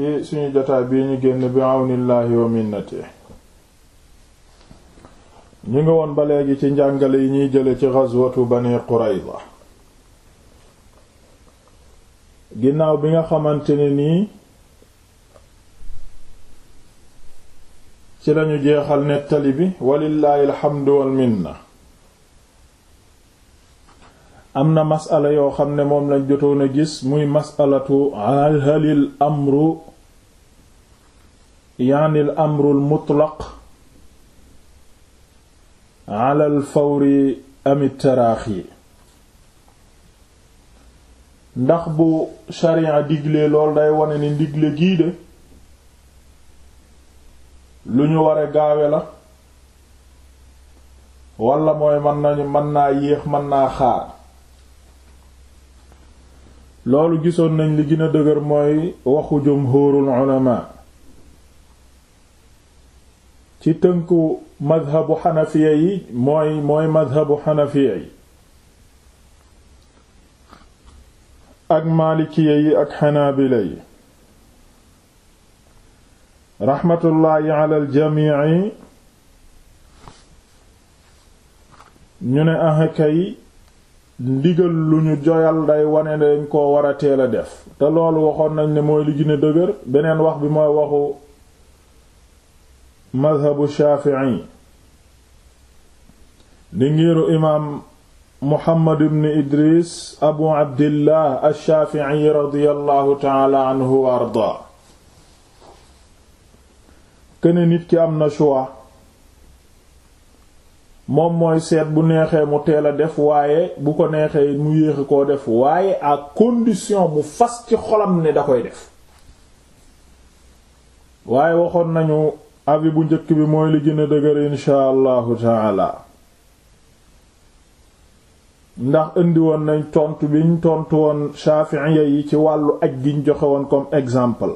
ci suñu jotaay bii ñu génn bi àwnillaahi wa minnati ñu ngi woon ba léegi ci njàngale yi ñuy jële ci ghazwatu bani qurayza ginnaaw bi nga xamante ne nii ci lañu jeexal nettali bi walillaahi alxamdu wal minna am na masala yoo xam ne moom lañ jotoon gis muy masalatu halil amru yaani al amru al mutlaq ala al fawri am taraaxi ndax bu sharia digle lool day wane ni ndigle gii de lu ñu ware gaawe la walla mooy mën nañu mën naa yéex mën naa xaar loolu gisoon nañ li gina a dëgër mooy waxu jumhuurul ulama ci tënku madhabu xanafiya yi mooy mooy madhabu xanafiya yi ak maalikiya yi ak xanaabila yi raxmatullaahi ala aljamici ñu ne ahakay ndigal lu ñu joyal day wane dañ koo war a teel def te loolu waxoon nañ ne mooy li dëgër beneen wax bi mooy waxu madhabu shafii di ngiiru imaam muhammad ibn idris abu abdillah ashafii radiyallahu taala anhu wa arda këne nit ki am na choix moom mooy seet bu neexee mu teela a def waaye bu ko neexee mu yéexi koo def waaye à condition mu fas ci xolam ne da def waaye waxoon nañu avis bu njëkk bi mooy li gën a dëgër inshaa allahu ndax indi woon nañ tontu biñ tontu woon shafi'iyya yi ci wàllu aj giñ joxewoon woon comme exemple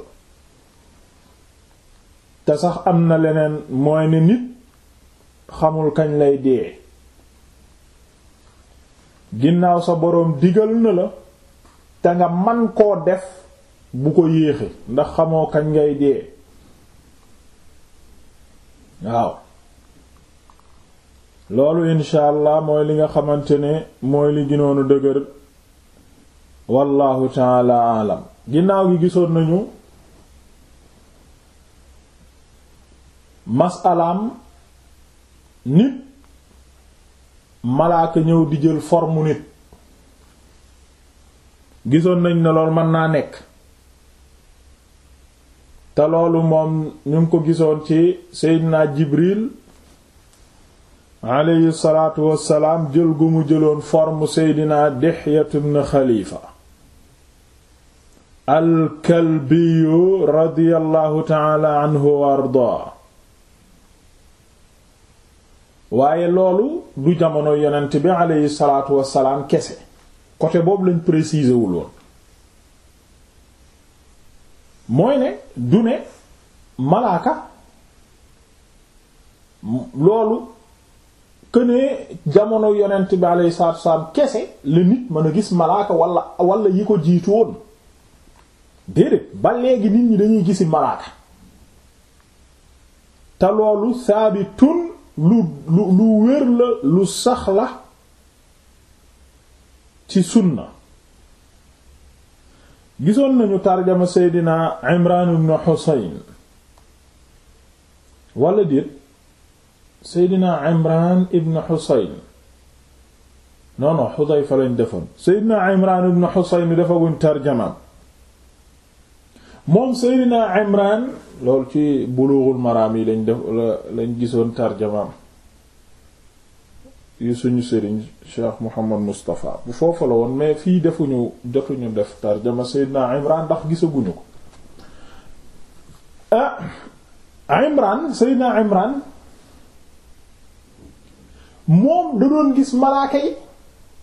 te sax am na leneen mooy ne nit xamul kañ lay dee ginnaaw sa boroom digal na la te nga man koo def bu ko yéexe ndax xamoo kañ ngay dee waaw loolu incha allah mooy li nga xamante ne mooy li ginoonu dëgër wallahu taala alam ginnaaw gi gisoon nañu masalaam nit malaaka ñëw di jël formu nit gisoon nañ ne loolu mën naa nekk te loolu moom ñu ngi ko gisoon ci Seydina Jibril aleyhi salaatu wassalaam jël gu mu jëloon forme Seydina Dihyatu ibn Xalifa al-Kalbiyu radiyallahu anhu wa ardaa waaye loolu du jamono yonent bi aleyhi salaatu wassalaam kese côté boobu lañ préciser wul mooy ne du ne malaaka loolu kënee jamono yonent bi alayhi salaatu salaam kese la nit mën a gis malaaka wala wala yi ko jiitu woon déedéet ba léegi nit ñi dañuy gisi malaaka te loolu saabitun lu lu lu wér la lu sax la ci sunna gisoon nañu tarjama seydina imran ibn xusayn walla déet seydina imran ibn xusayn non non xudayfa defoon seydina imran ibn xusayn defaguñ tarjama moom seydina imran loolu ci bulughul maram yi lañ def lañ gisoon tarjamaam yi suñu sëriñ Cheikh Mouhamad Moustapha bu foofu la woon mais fii defuñu jotuñu def tarjama Seydina Imran ndax gisaguñu ko ah Imran Seydina Imran moom da gis malaaka yi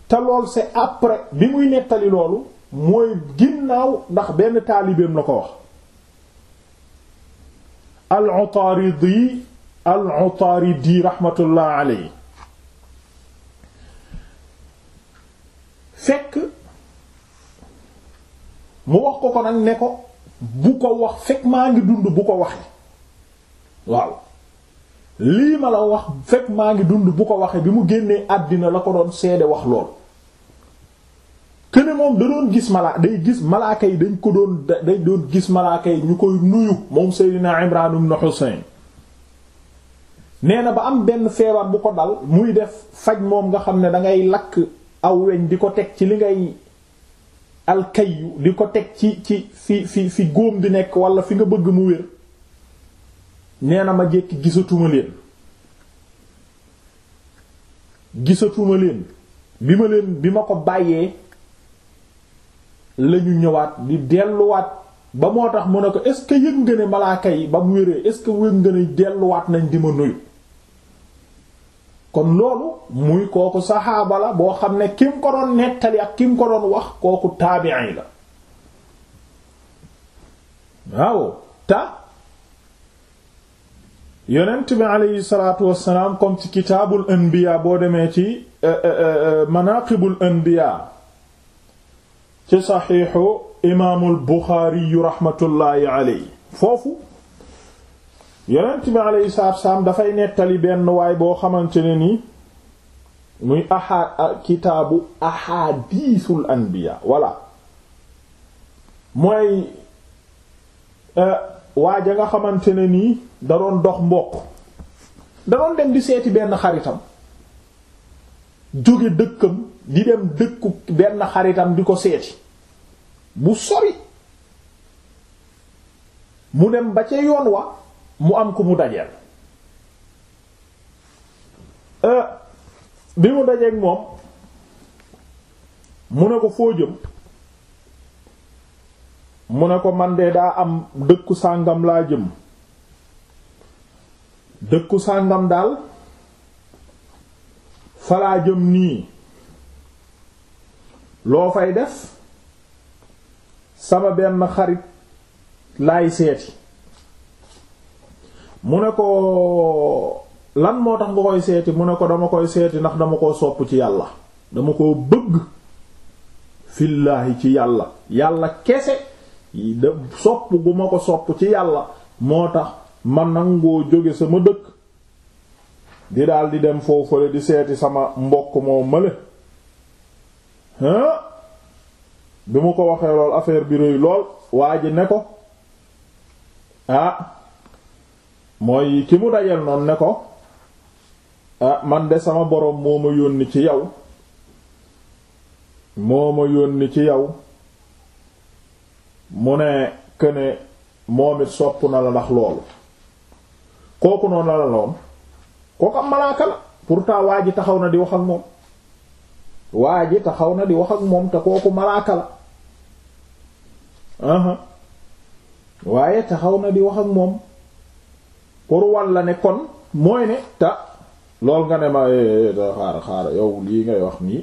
te lool c'est après bi muy nettali loolu mooy ginnaaw ndax benn taalibeem la ko wax al-Utaridi al-Utaridi rahmatullah alayhi fekk mu wax ko ko nag ne ko bu ko wax fekk maa ngi dund bu ko waxee waaw lii ma la wax fekk maa ngi dund bu ko waxee bi mu génnee àddina la ko doon seede wax lool këne moom da doon gis malaa gis malaaka yi dañ ko doon day doon gis malaaka yi ñu koy nuyu moom Seydina Imraan ibn Husayn nee na ba am benn feebar bu ko dal muy def faj moom nga xam ne dangay lakk aw weñ di ko teg ci li ngay alkayu di ko teg ci ci fi fi fi góom di nekk wala fi nga bëgg mu wér nee na ma jékki gisatuma leen gisatuma leen bi ma leen bi ma ko bàyyee lañu ñëwaat di delluwaat ba moo tax mu ne ko est-ce que yëg nga malaaka yi ba mu wéree est-ce que yëg nga ne delluwaat nañ di ma nuyu kon loolu muy kooku saxaaba boo xam ne ki mu ko nettali ak ki mu wax kooku taabi'i la waaw ta yonent bi aleyhi salaatu wassalaam comme ci kitaabul anbiya boo demee ci eh, eh, eh, manaqibul anbiya ci saxiixu imaamul buxaari rahmatullaahi aleyhi foofu yonent bi alayhi salaatu dafay nettali benn waay boo xamante ne nii muy aha kitaabu ahadiisul anbiya voilà mooy e, waaja nga xamante ne nii da doon dox mbokk da doon dem di seeti benn xaritam jóge dëkkam di dem dëkku benn xaritam di ko seeti bu sori mu dem ba ca yoon wa mu am ku mu dajeel euh, bi mu dajeeg moom mu ne ko foo jëm mu ne ko man de daa am dëkku sàngam laa jëm dëkku sàngam daal falaa jëm nii loo fay def sama benn xarit laay seeti mu ne ko lan moo tax nga koy seeti mu ne ko dama koy seeti ndax dama koo sopp ci yàlla dama koo bëgg fillaahi ci yàlla yàlla kese da sopp gu ma ko sopp ci yàlla moo tax ma nangoo jóge sama dëkk di daal di dem foofale di seeti sama mbokk moo male hein bi mu ko waxee loolu affaire bi rëy lool waa ji ne ko ah mooy ci mu dajal noonu ne ko ah man de sama boroom moo ma yónni ci yow moo ma yónni ci yow mu ne këne moom it sopp na la ndax loolu kooku noonu la la noonu kooku am malaaka la pourtant waa ji taxaw na di wax ak moom taxaw na di wax ak te kooku malaaka la waaye taxaw na di wax ak moom pour wal la ne kon mooy ne ta loolu nga ne ma eh, eh, eh, xaar xaar yow lii ngay wax nii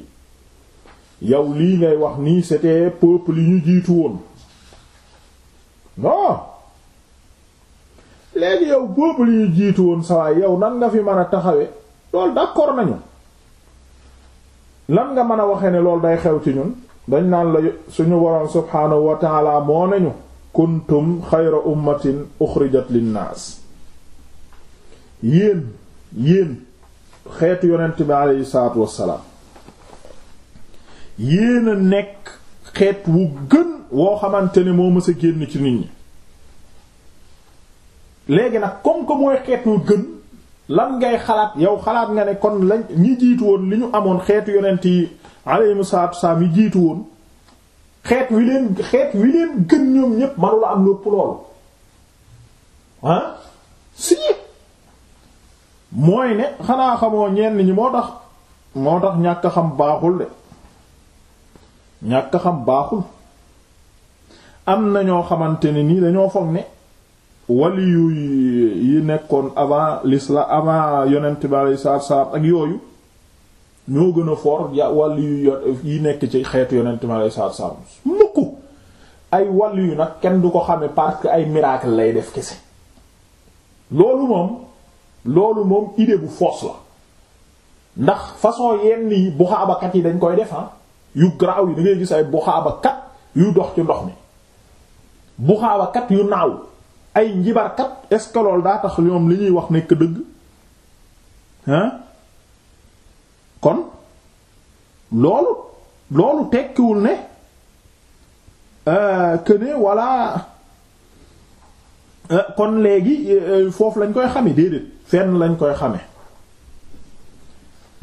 yow lii ngay wax nii c'était peuple yi ñu jiitu woon non léegi yow peuple yi ñu jiitu woon sawaay yow nan nga fi mën a taxawe loolu d'accord nañu lan nga mën a waxee ne loolu day xew ci ñun dañ naan la suñu waroon subhaanahu wa ta'ala moo nañu kuntum xayra ummatin uxrijat linnaas yéen yéen xeetu yonent bi aleyhi salaatu wassalaam yéen a nekk xeet wu gën woo xamante ne moo mës génn ci nit ñi léegi nag comme que mooy xeet wu gën lan ngay xalaat yow xalaat nga ne kon lañ ñi jiitu woon li ñu amoon xeetu yonent yi aleyhimu salaatu wassalaam yi jiitu woon xeet wi leen xeet wi leen gën ñoom ñépp manula am lépp loolu ah mooy ne xanaa xamoo ñenn ñi moo tax moo tax ñàkk xam baaxul de ñàkk xam baaxul am na ñoo xamante ni nii dañoo foog ne waliyu yi nekkoon avant l'islam avant yonent bi alayhi salaatu ak yooyu ñoo gën a fort ya waliyu yi nekk ci xeet yonent bi alayhi salaatu salaam mukk ay waliyu nag kenn du ko xame parce que ay miracle lay def kese loolu moom. loolu moom idée bu fausse la ndax façon yenn yi buxaabakat yi dañ koy defa ah, yu garaaw yi da ngay gis ay buxaabakat yu dox ci ndox mi buxaabakat yu naaw ay njibarkat est-ce que daa tax ñoom li ñuy wax nekk dëgg kon loolu loolu tekkiwul ne euh, que ne euh, kon léegi euh, foofu lañ koy xame déedéet fenn lañ koy xame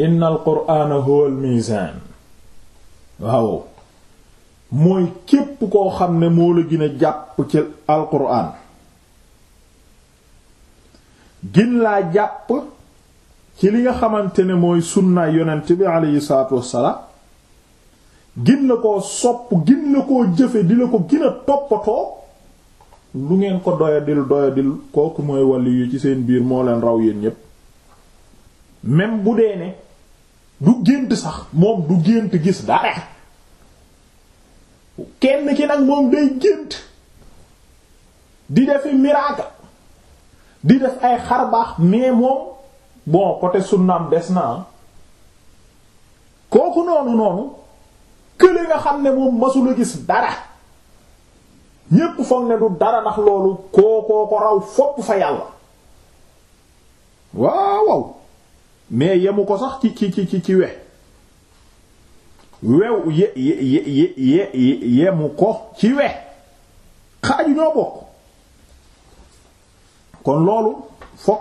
inna al qur'ana huwa al mizan waaw mooy képp koo xam ne moo la gën a jàpp ci al qur'an gin laa jàpp ci li nga xamante ne mooy sunnaay yonent bi aleyhi salaatu wassalaam gin la koo sopp gin la koo jëfe di la ko gën toppatoo lu ngeen ko doyadil doyadil kooku mooy wàllu yi ci seen biir moo leen raw yéen ñépp même bu dee ne du gént sax moom du gént gis dara kenn ki nag moom day gént di defi miracle di def ay xarbaax mais moom bon côté sunnaam des na ah. kooku noonu noonu kële nga xam ne moom masula gis dara ñépp foog ne du dara ndax loolu kookoo ko raw fopp fa yàlla waaw waaw mais yemu ko sax ci ci ci we wew ye ye ye yemu ko ci we xaaju ñoo bokk kon loolu foog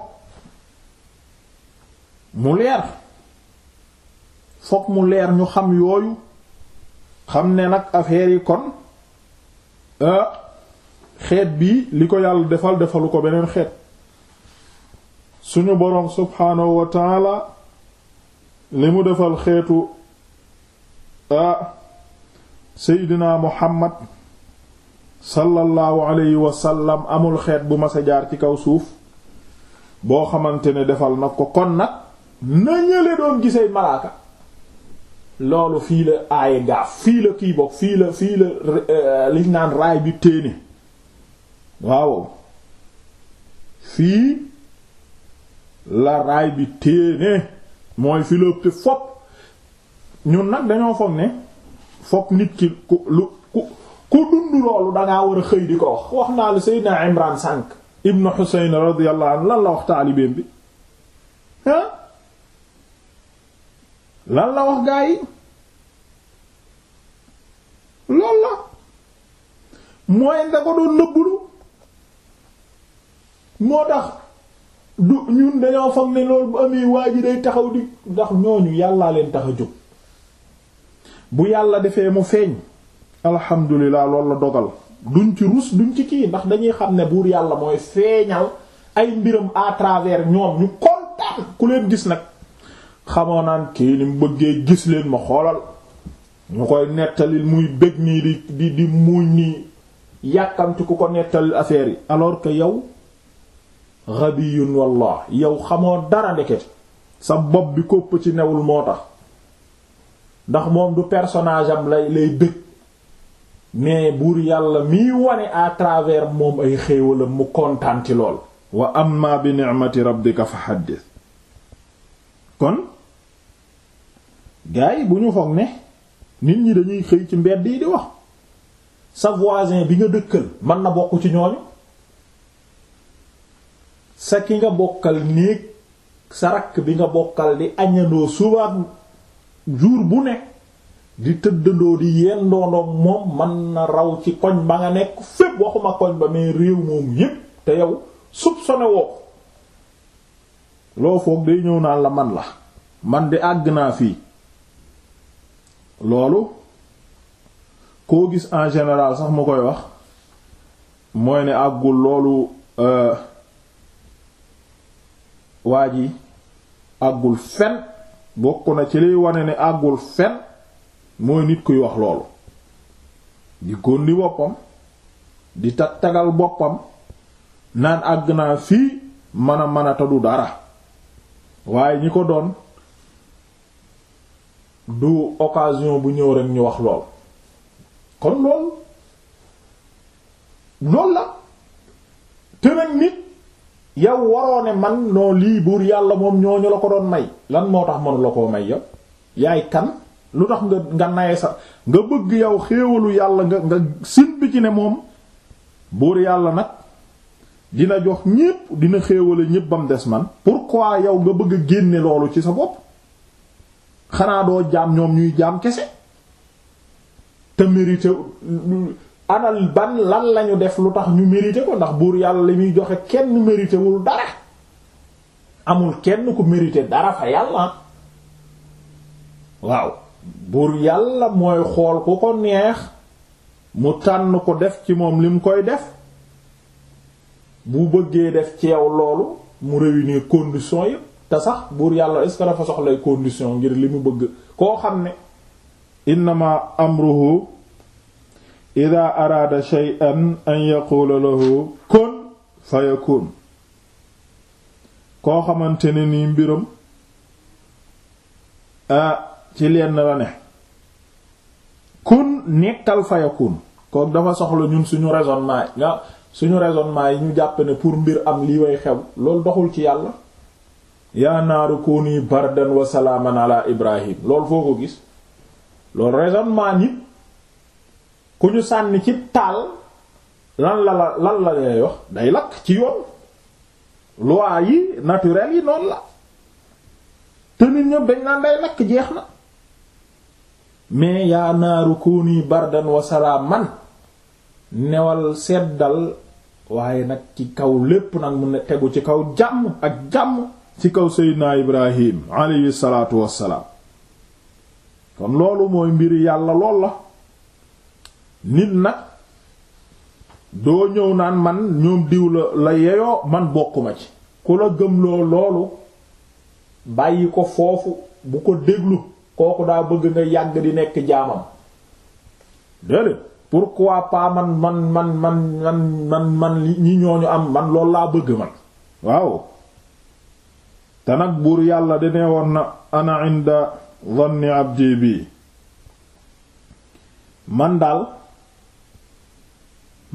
mu leer foog mu leer ñu xam yooyu xam ne nag affaire yi kon Ah, xeet bi li ko yàlla defal defalu ko beneen xeet suñu boroom subhaanahu wa taala li mu defal xeetu ah seydina muhammad sallallahu alayhi wa sallam amul xeet bu mas a jaar ci kaw suuf boo xamante ne defal nag ko kon nag na ñële doon gisee malaaka loolu fii la aaye gaaf fii la kii bokk fii la fii la euh, liñ naan raay bi téene waaw fii la raay bi téene mooy fi fopp ñun nag dañoo foog ne foog nit ki ku lu ku ku dund loolu dangaa war a xëy di ko wax wax naa lu Seydina Imran sànq ibnu Husayn radiyallahu anhu lan la wax taalibeem bi lan la wax gaa yi lool la mooy da ko doon nëbbulu moo tax du ñun dañoo fam ne lool bu amee waa ji day taxaw di ndax ñooñu yàllaa leen tax a jóg bu yàlla defee mu feeñ alhamdulilah loolu la dogal duñ ci rus duñ ci kii ndax dañuy xam ne buur yàlla mooy feeñal ay mbiram à travers ñoom ñu kontaan ku leen gis nag xamoo naan kii bëggee gis leen ma xoolal ñu koy nettalil muy bëgg nii di di di muuñ nii yàkkamti ku ko nettalil affaire yi alors que yow ghabiyun wallah yow xamoo dara ndeket sa bopp bi kopp ci newul moo tax ndax moom du personnage am lay lay bëgg mais buur yàlla miy wane à travers moom ay xéewalam mu kontaan ci lool wa amma bi ni'mati rabbika fa haddith kon gay bu ñu foog ne nit ñi dañuy xëy ci mbedd yi di wax sa voisin bi nga dëkkal man na bokk ci ñooñu sa ki nga bokkal néeg sa rakk bi nga bokkal di añandoo suba jour bu nekk di tëddandoo di yendoondoom moom mën na raw ci koñ ba nga nekk fépp waxuma koñ ba mais réew moom yépp te yow soupçonné woo ko loo foog day ñëw naan la man la man di àgg naa fii loolu koo gis en général sax mu koy wax mooy ne àggul loolu euh, waa ji àggul fen bokk na ci liy wane ne àggul fen mooy nit kuy wax loolu di góon di boppam di tag tagal boppam naan àgg naa fii mën a mën a tadu dara waaye ñi ko doon du occasion bu ñëw rek ñu wax lool kon lool lool la te nag nit yow waroo ne man noo lii buur yàlla moom ñooñu la ko doon may lan moo tax mënu la koo may yow yaay kan lu tax nga nga naye sa nga bëgg yow xéewalu yàlla nga nga sin bi ci ne moom buur yàlla nag dina jox ñépp dina xéewale ñépp bam des man pour pourquoi yow nga bëgg a génne loolu ci sa bopp xanaa doo jaam ñoom ñuy jaam kese te mérité anal ban lan lañu def lu tax ñu mérité ko ndax buur yàlla li muy joxe kenn mérité wul dara amul kenn ku mérité dara fa yàlla waaw buur yàlla mooy xool ku ko neex mu tànn ko def ci moom li mu koy def bu bëggee def ci yow loolu mu réunir conditions yépp sax buur yàlla est-ce que dafa soxlay condition ngir li mu bëgg koo xam ne innama amruhu ida araada shay'an an yaqula lahu kun xamante ne nii mbiram ci lenn la ne kun nekkal fayakun kon dafa soxla ñun suñu raisonnement nga suñu raisonnement yi ñu jàpp ne pour mbir am lii way xew loolu doxul ci yàlla yaa naaru kuni bardan wa salaaman ala ibrahim loolu foo ko gis loolu raisonnement nit ku ñu sànni ci taal lan la la lan la lay wax day lakk ci yoon loi yi naturel yi noonu la te nit ñëpp dañ naan day lakk jeex na mais yaa naaru kuni bardan wa salaaman newal seddal waaye nag ci kaw lépp nag mun na tegu ci kaw jàmm ak jàmm ci kaw seydinaa ibrahim aleyhi salaatu wassalaam kon loolu mooy mbiri yàlla lool la nit nag doo ñëw naan man ñoom diw la la yeyoo man bokkuma ci ku la gëmloo loolu bàyyi ko foofu bu ko déglu kooku daa bëgg nga yàgg di nekk jaamam déedéet pourquoi pas man man man man man man ñi ñooñu am man loolu laa bëgg man waaw te nag buur yàlla de nee woon na ana inda dhanni bi man daal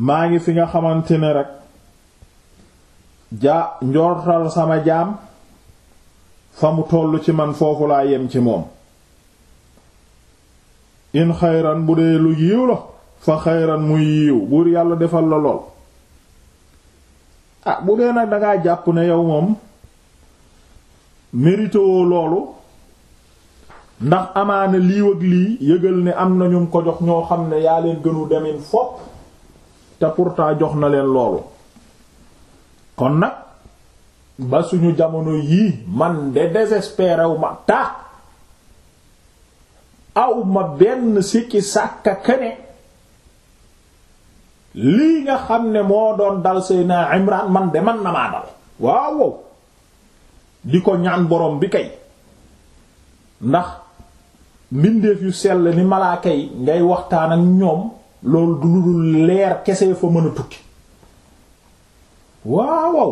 maa ngi fi nga xamante ne rekk jaa njortal sama jaam fa mu toll ci man foofu laa yem ci moom in xayran bu dee lu yiiw fa xayran muy yiiw buur yàlla defal la lool ah bu dee nag dangaa jàpp ne yow moom mérité loolu ndax amaane lii lii yëgal ne am na ñu ko jox ñoo xam ne yaa leen gënu demin fopp te pourtant jox na leen loolu kon nag ba suñu jamono yii man de désespéré wu ma aw ma benn sikki sàkka kene lii nga xam ne moo doon dal Seydina Imran man de man na maa dal waaw di ko ñaan borom bi kay ndax mbindeef yu sell ni malaaka yi ngay waxtaan ak ñoom loolu du lu dul leer kese fa mën a tukki waaw waaw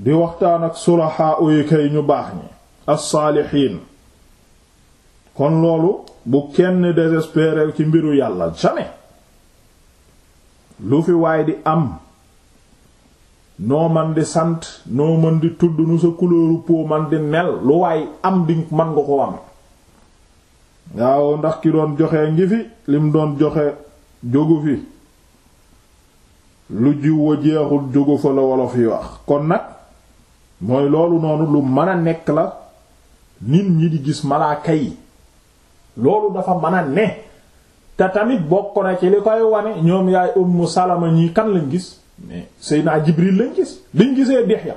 di waxtaan ak sulaxaa kay ñu baax ñi as kon loolu bu kenn désespéré ci mbiru yàlla jamais lu fi waay di am noo man di sant noo man di tudd nu sa couleur peau di mel lu waay am di man nga ko am waaw ndax ki doon joxe ngi fi lim doon joxe jógu fi lu jiw wa jeexul jógu fa la wolof yi wax kon nag mooy loolu noonu lu mën a nekk la nit ñi di gis malaaka yi loolu dafa mën a ne te tamit bokk na ci li koy wane ñoom yaay Ummu Salama ñi kan lañ gis mais Seydina Jibril lañ gis biñ gisee Dihya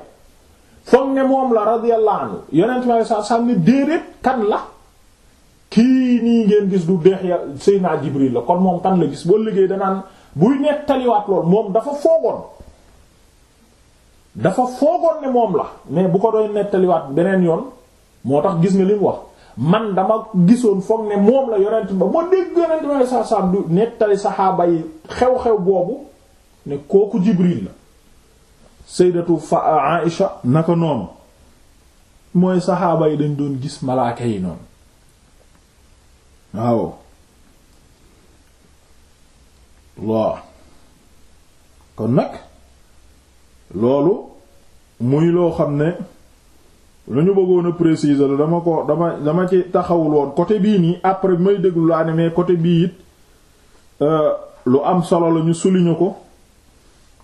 foog ne moom la radiyallahu anhu yonent ma sa sam ne déedéet kan la kii nii ngeen gis du Dihya naa Jibril la kon moom kan la gis boo liggéey danaan buy nettaliwaat lool moom dafa foogoon dafa foogoon ne moom la mais bu ko doon nettaliwaat beneen yoon moo tax gis nga li wax man dama gisoon foog ne moom la yonent ba ma dégg yonent ma sa sam du nettali saxaaba yi xew-xew boobu ne kooku Jibril la sayyidatu fa euh, Aïsha naka noonu mooy saxaaba yi dañ doon gis malaaka yi noonu waaw waaw kon nag loolu muy loo xam ne lu ñu bëggoon a la dama ko dama dama ci taxawul woon côté bii nii après may déglu laa ne mais côté bii it euh, lu am solo lañu suliñu ko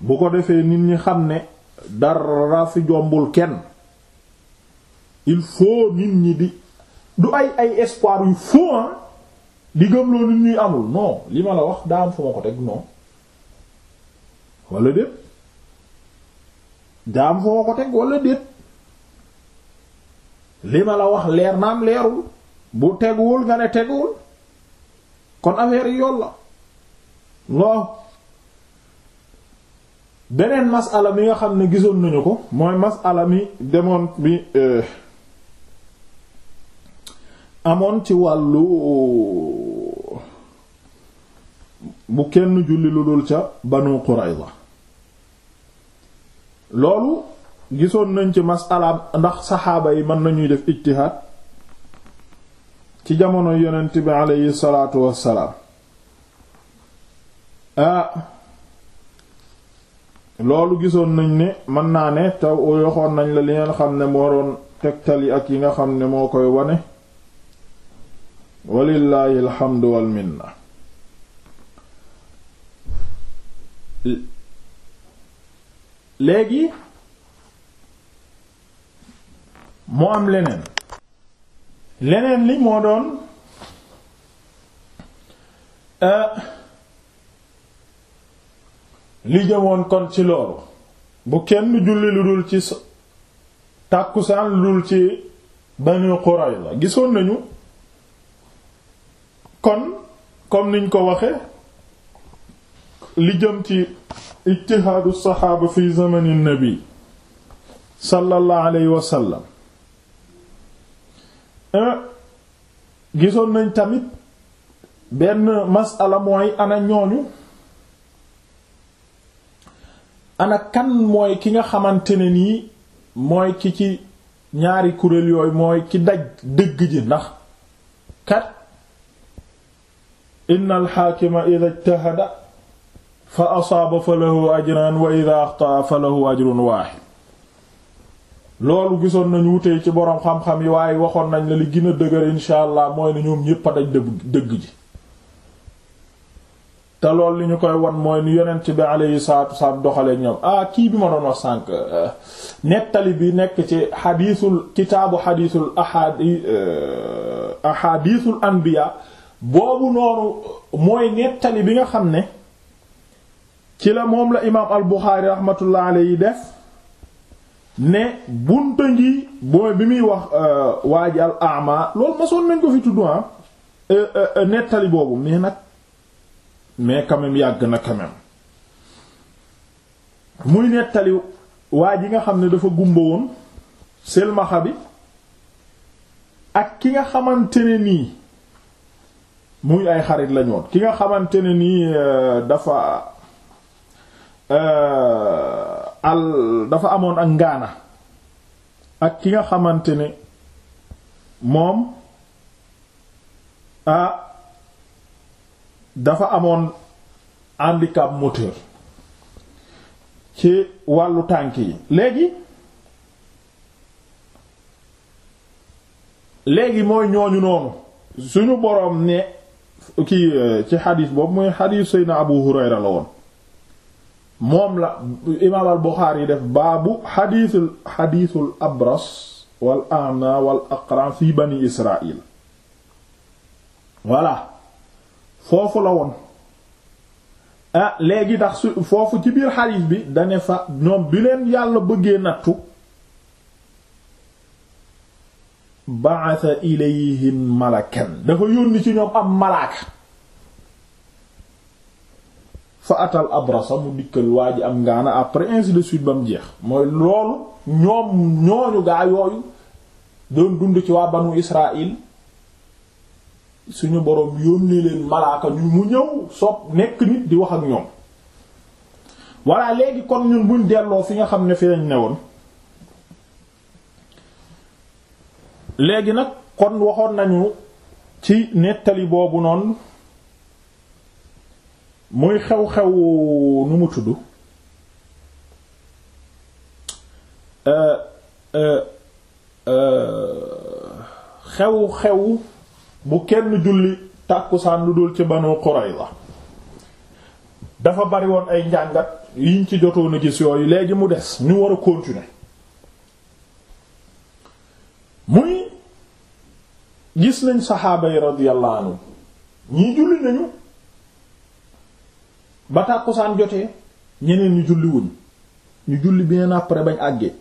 bu ko defee nit ñi xam ne dara fi jombul kenn il faut nit ñi di du ay ay espoir yu faux ah di gëmloo nit ñuy amul non li ma la wax daa am fu ma ko teg non wala déet daa am fu ma ko teg wala déet li ma la wax leer naam leerul bu teguwul nga ne teguwul kon affaire yoon la non. beneen masala mi nga xam ne gisoon nañu ko mooy masala mi demoon bi euh, amoon ci wàllu bu kenn julli lu dul ca Banu Qurayza loolu gisoon nañ ci masala ndax saxaaba yi man nañuy def ijtihaad ci jamono yonent bi aleyhi salaatu wassalaam ah, loolu gisoon nañ ni mën naa ne taw yoxoon nañ la li ngeen xam ne moo doon tegtal yi ak yi nga xam ne moo koy wane walillaahi alxamdu wal léegi mu am leneen leneen li moo doon euh, li jëmoon kon ci loolu bu kenn julli lu dul ci tàkkusaan lu dul ci Banu Qurayza gisoon nañu kon kom niñ ko waxe li jëm ci ijtihaadu saxaaba fi zamani nabi sallallahu alayhi wa eh, gisoon nañ tamit benn masala mooy ana ñooñu ana kan mooy ki nga xamante ne nii mooy ki ci ñaari kuréel yooyu mooy ki daj dëgg ji ndax kat inna alxaakima ida ijtahada fa asaaba fa lahu ajran wa ida axtaa fa lahu ajrun waaxid loolu gisoon nañu wutee ci boroom xam-xam yi waaye waxoon nañ la li gën a dëgër insha mooy ne ñoom ñépp a daj dëgg ji te lool li ñu koy wan mooy ni yonent bi alayhi salaatu wasalaam doxalee ñoom ah kii bi ma doon wax sànq euh, nettali bi nekk ci xadiisul kitaabu xadiisul ahadi euh, ahadiisul anbiya boobu noonu mooy nettali bi nga xam ne ci la moom la imaam al Buxaari rahmatullah alayhi def ne bunta ngi bi muy wax euh, waaji al ama loolu masoon nañ ko fi tuddu ah, nettali boobu mais nag. mais quand même yàgg na quand muy nettali waa ji nga xam ne dafa gumba woon silmaxa bi ak ki nga xamante ne nii muy ay xarit lañu ki nga xamante ne nii euh, dafa euh, al dafa amoon ak ngaana ak ki nga xamante ne moom ah dafa amoon handicap moteur ci wàllu tànk yi léegi léegi mooy ñooñu noonu suñu boroom ne kii euh, ci xadiis boobu mooy xadiis Seydina Abu Hurayra la woon moom la imaam al Buxaari yi def baabu xadiisul xadiisul abras wal a'ma wal aqra fi bani foofu la woon ah, léegi ndax su foofu ci biir xadiis bi dane fa ñoom bi leen yàlla bëggee nattu ba'atha ilayhim malakan dafa yónni ci ñoom am malaaka fa atal abrasa mu dikkal waa ji am ngaana après ainsi de suite ba mu jeex mooy loolu ñoom ñooñu gaa yooyu doon dund ci waa banu Israël suñu boroom yónnee leen malaaka ñu mu ñëw sopp nekk nit di wax ak ñoom voilà léegi kon ñun buñ delloo fi nga xam ne fi lañ ne woon léegi nag kon waxoon nañu ci nettali boobu noonu muy xew-xew nu mu tudd euh, euh, euh, xew-xew bu kenn julli tàkkusaan lu dul ci Banu Qurayza dafa bari woon ay njàngat yiñ ci jotoon a gis yooyu léegi mu des ñu war a continuer muy gis nañ saxaaba yi radiyallahu anhu ñii julli nañu ba tàkkusaan jotee ñeneen ñu julli wuñ ñu julli bi bien après bañ àggee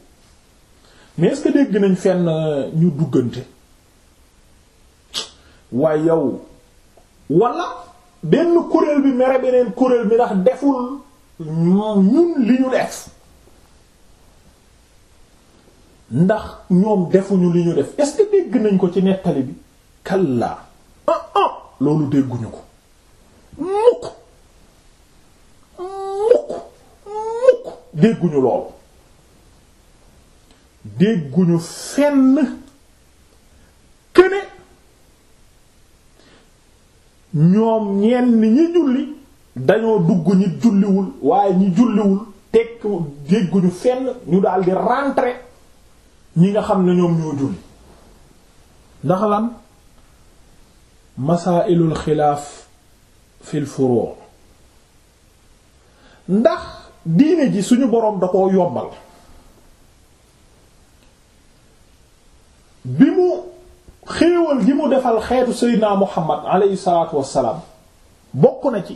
mais est-ce que dégg nañ fenn ñu duggante waaye yow wala benn kuréel bi mere beneen kuréel bi ndax deful ñun li ñu def ndax ñoom defuñu li ñu def est dégg nañ ko ci nettali bi kallaa ah ah loolu dégguñu ko mukk mukk mukk dégguñu loolu dégguñu fenn ñoom ñenn ñi julli dañoo dugg ñi julliwul waaye ñi julliwul tekk dégguñu fenn ñu daal di ñi nga xam ne ñoom ñoo julli ndax lan masaailul xilaaf fil furu' ndax diine ji suñu boroom da ko yombal bi mu xéewal gi mu defal xeetu seydinaa muhammad aleyhi salaatu wassalaam bokk na ci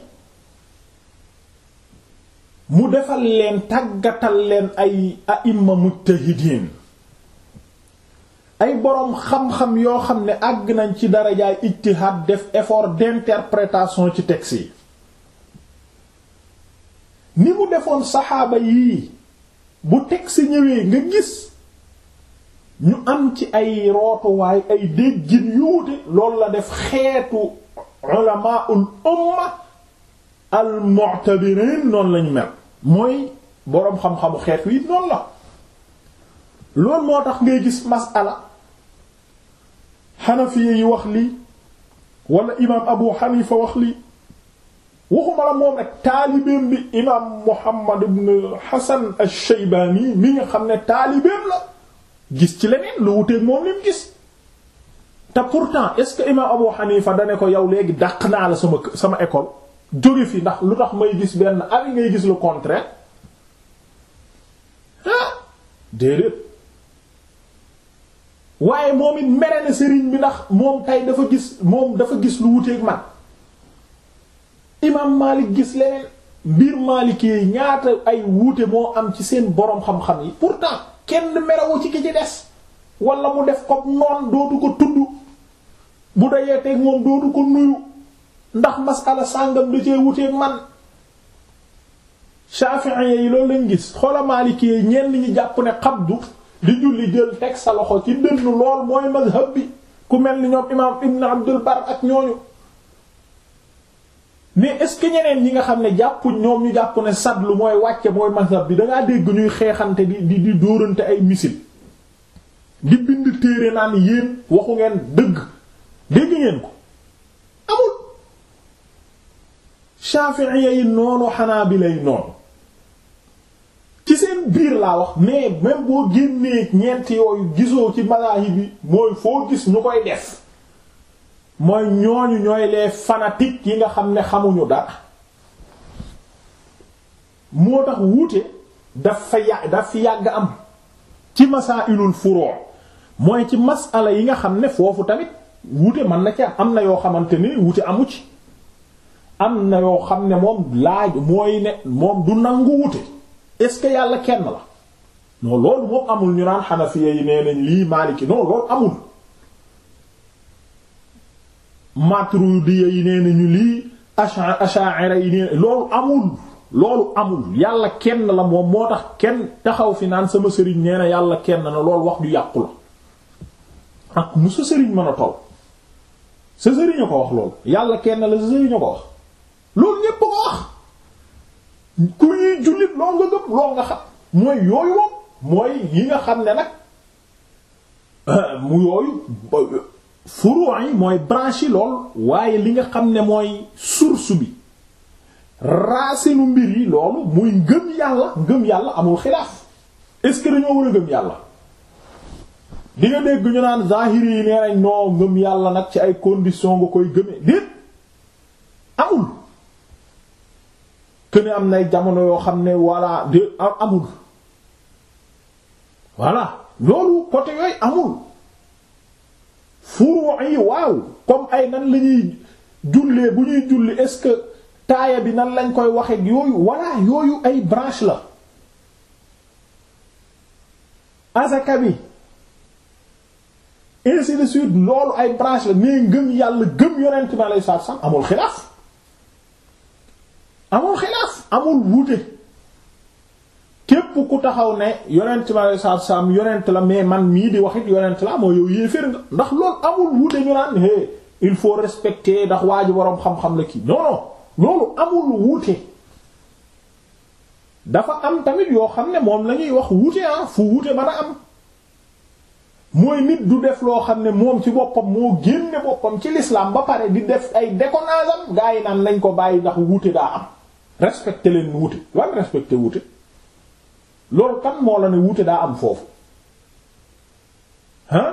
mu defal leen tàggatal leen ay aimma mujtahidiin ay boroom xam-xam yoo xam ne àgg nañ ci dara jaay ijtihaad def effort d'interprétation ci texte yi ni mu defoon saxaaba yii bu texte ñëwee nga gis ñu am ci ay rootuwaay ay déggin yuute loolu la def xeetu ulamaul umma al mu'tabirin noonu lañ mel mooy boroom xam-xamu xeetu yi noonu la loolu moo tax ngay gis masala xanafiye yi wax lii wala imaam abu xanifa wax lii waxuma la moom rek taalibeem bi imaam muhammad ibn hasan al shaybaani mi nga xam ne taalibeem la gis ci leneen lu wuteeg moom lim gis te pourtant est-ce que imam Abu Hanifa dane ko yow léegi dàq naa la sama sama école jóge fi ndax lu tax may gis benn ari ngay gis le contraire ah déedéet waaye moom it mere sëriñ bi ndax moom tey dafa gis moom dafa gis lu wuteeg man imam Malik gis leneen mbir Maliki ñaata ay wuute moo am ci seen boroom xam-xam yi pourtant kenn merawu ci ki ci des wala mu def ko noon dootu ko tudd bu dayee teg moom dootu ko nuyu ndax masala sàngam da cee wuteeg man Shafi'i yi loolu lañ gis xoola Maliki yi ñenn ñi jàpp ne xabdu di julli jël teg sa loxo ci dënn lool mooy mazhab bi ku mel ni ñoom imaam Ibn Abdul Bar ak ñooñu mais est-ce que ñeneen ñi nga xam ne jàpp ñoom ñu jàpp ne sadlu mooy wàcce mooy mazhab bi da ngaa dégg ñuy xeexante bi di di dóorante ay misil di bind téere naan yéen waxu ngeen dëgg dégg ngeen ko amul Shafi'iyya yi noonu Hanabila yi noonu ci seen biir laa wax mais même boo génnee ñeent yooyu gisoo ci mazahib bi mooy foo gis ñu koy def mooy ñooñu ñooy les fanatiques yi nga xam ne xamuñu dara moo tax wuute dafa yà yàgg am ci masaa'ilul furu' mooy ci masala yi nga xam ne foofu tamit wuute man na ci am na yoo xamante ni wuute amu ci am na yoo xam ne moom laaj mooy ne moom du nangu wuute est yàlla kenn la non loolu moom amul ñu naan xanafiya yi nee nañ lii maaliki non loolu amul Maturidi yi nee nañu lii Ash'ari yi nee loolu amul loolu amul yàlla kenn la moom moo tax kenn taxaw fi naan sama sëriñ nee na yàlla kenn na loolu wax du yàqu la ak mu sa sëriñ mën a toll sa sëriñ a ko wax loolu yàlla kenn la sa sëriñ a ko wax loolu ñépp ko wax ku ñuy jullit loolu nga gëm loolu nga xam mooy yooyu moom mooy yi nga xam ne nag mu yooyu furu' mooy branche lool waaye li nga xam ne mooy source bi raacinu mbir yi loolu muy ngëm yàlla ngëm yàlla amul xilaaf est ce que dañoo war ngëm yàlla di nga dégg ñu naan zahiri yi nee nañ noo ngëm yàlla nag ci ay condition nga koy gëmee déet amul te ne am nay jamono yoo xam ne walla de amul voilà loolu côté yooyu amul furu yi waaw comme ay nan lañuy ñuy jullee bu ñuy julli est-ce que taaya bi nan lañ koy waxee yooyu walla yooyu ay branche la azaka bi ainsi de suite loolu ay branche la mais ngëm yàlla gëm yonent bi alayhi salaatu salaam amul xilaaf amul xilaaf amul wuute képp ku taxaw ne yonent ma lay saar saam yonent la mais man mii di wax it yonent la moo yow yéeféer nga ndax lool amul wuute ñu naan hé il faut respecter ndax waa ji boroom xam-xam la kii non non loolu amul wuute dafa am tamit yoo xam ne moom lañuy wax wuute ah, fu wuute mën a am mooy nit du def loo xam ne moom ci boppam moo génne boppam ci l'islam ba pare di def ay déconnage am yi naan nañ ko bàyyi ndax wuute daa respecté leen wuute wan respecté wuute loolu kan moo la ne wuti daa am foofu ah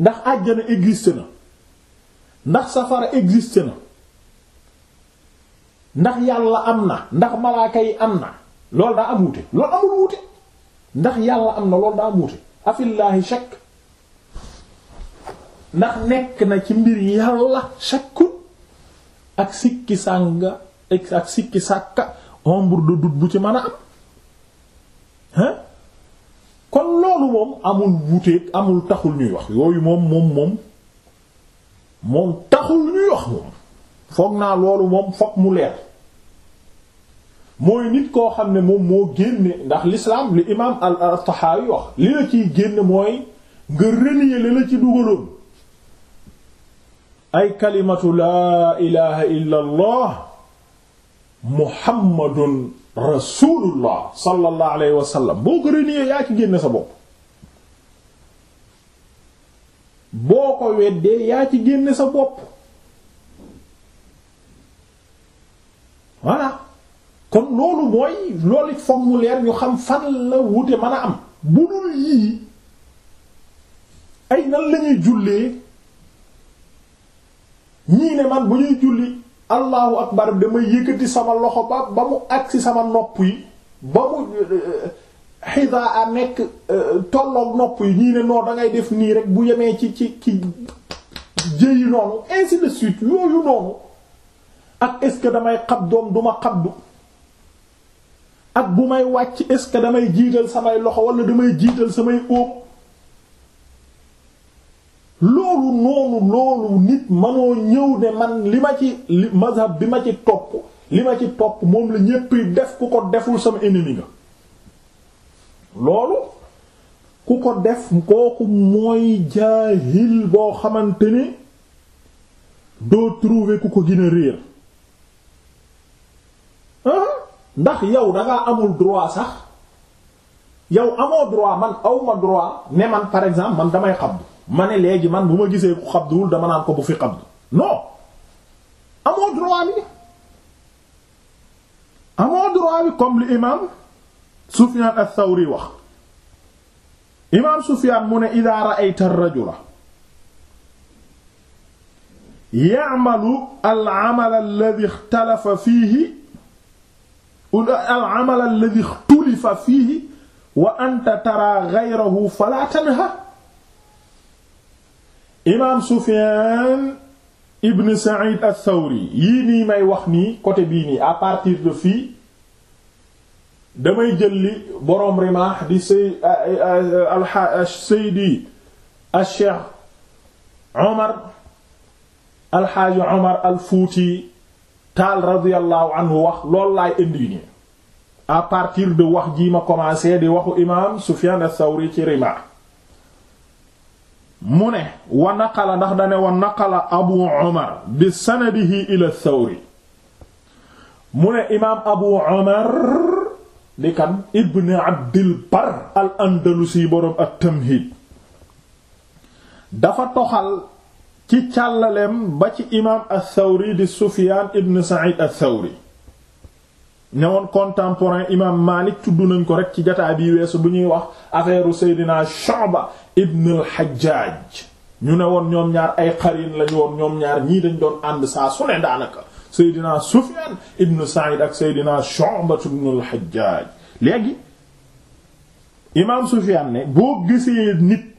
ndax àjjana existe na ndax safara existe na ndax yàlla am na ndax malaaka yi am na loolu daa am wuute loolu amul wuute ndax yàlla am na loolu daa am wuute afillaahi shakk ndax nekk na ci mbir yàlla shakkul ak sikki sànga ak sikki sàkka ombre de doute bu ci mën a am kon loolu moom amul wuteeg amul taxul ñuy wax yooyu moom moom moom taxul ñuy wax moom foog naa loolu moom foog mu leer mooy nit koo xam ne moom moo génne ndax l'islam li imaam al-Tahawi wax li génn mooy nga ci dugaloon ay kalimatu laa ilaha illa allah rasulullah sallallahu alayhi wa sallam boo ko renier yaa ci génne sa bopp boo ko weddee yaa ci génne sa bopp voilà kon loolu mooy loolu formulaire ñu xam fan la wute mën a am bu dul yii ay nan lañuy jullee ñii ne man bu ñuy julli allahu akbar dama yëkkati sama loxo ba ba mu agsi sama nopp yi ba mu xida euh, euh, a nekk euh, tolloog nopp yi ñii ne noo da ngay def nii rek bu yemee ci ci ci jëyi noonu ainsi de suite yooyu noonu ak est-ce que damay xab doom du ma xabdu ak bu may wàcc est-ce que damay jiital samay loxo wala damay jiital samay óom loolu noonu loolu nit manoo ñëw ne man li ma ci li mazhab bi ma ci topp li ma ci topp moom la ñépp def ku ko deful sama ennemi nga loolu ku ko def kooku mooy jaahil boo xamante ne doo trouver ku ko gën a réer ah, ndax yow dangaa amul droit sax yow amoo droit man awma droit ne man par exemple man damay xam ma ne léegi man bu ma gisee ku xabduwul dama naan ko bu fi xabdu non amoo droit bi amoo droit bi comme li imam Sufyan ath-Thawri wax imam Sufyan mu ne idha ra'ayta ar-rajula ya'malu al-'amal alladhi ikhtalafa fihi al-'amal alladhi ikhtulifa fihi wa anta tara ghayrahu fala tanha imaam Sufyaan ibn Sa'id ath-Thawri yii nii may wax nii côté bii nii à partir de fii damay jël li boroom Rimah di say Seydi al-Cheikh Omar al-Haaji Omar al-Fuuti Taal radiyallahu wax loolu laay indi à partir de wax jii ma commencé di waxu imaam Sufyaan ath-Thawri ci Rimah mu ne wa naqala ndax dane wa naqala abu omar bi sanadihi ila thawri mu ne imaam abu omar di kan ibn abdil bar al andalusi boroom ak tamhid dafa toxal ci càllaleem ba ci imaam al thawri di sufiyaan ibn said al thawri ñewoon contemporain imam Malik tudd nañ ko rek ci jataay bi weesu bu ñuy wax affaire Seydina Shu'ba ibn al-Hajjaj ñu ne woon ñoom ñaar ay xarin lañu woon ñoom ñaar ñii dañ doon ànd saa su ne daanaka Seydina Sufyan ibn Sa'id ak Seydina Shu'ba ibn al-Hajjaj léegi imam ne boo gisee nit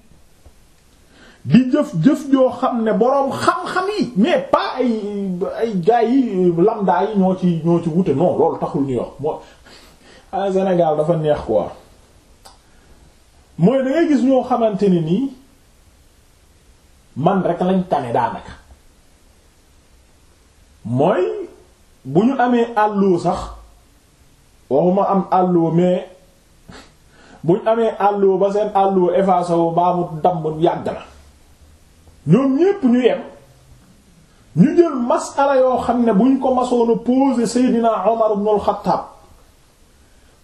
di jëf-jëf joo xam ne boroom xam-xam yi mais pas ay ay gars yi lambda yi ñoo ci ñoo ci wute non loolu taxul ñuy wax moo a ah, dafa neex quoi mooy da gis ñoo xamante ne nii man rek lañ tane daanaka mooy bu ñu amee àlluwa sax waxuma am àlluwa mais bu ñu amee àlluwa ba seen àlluwa effacé wu baa mu damm yàgg na ñoom ñépp ñu yem ñu jël masala yoo xam ne buñ ko masoon a posé Seydina Omar ibn al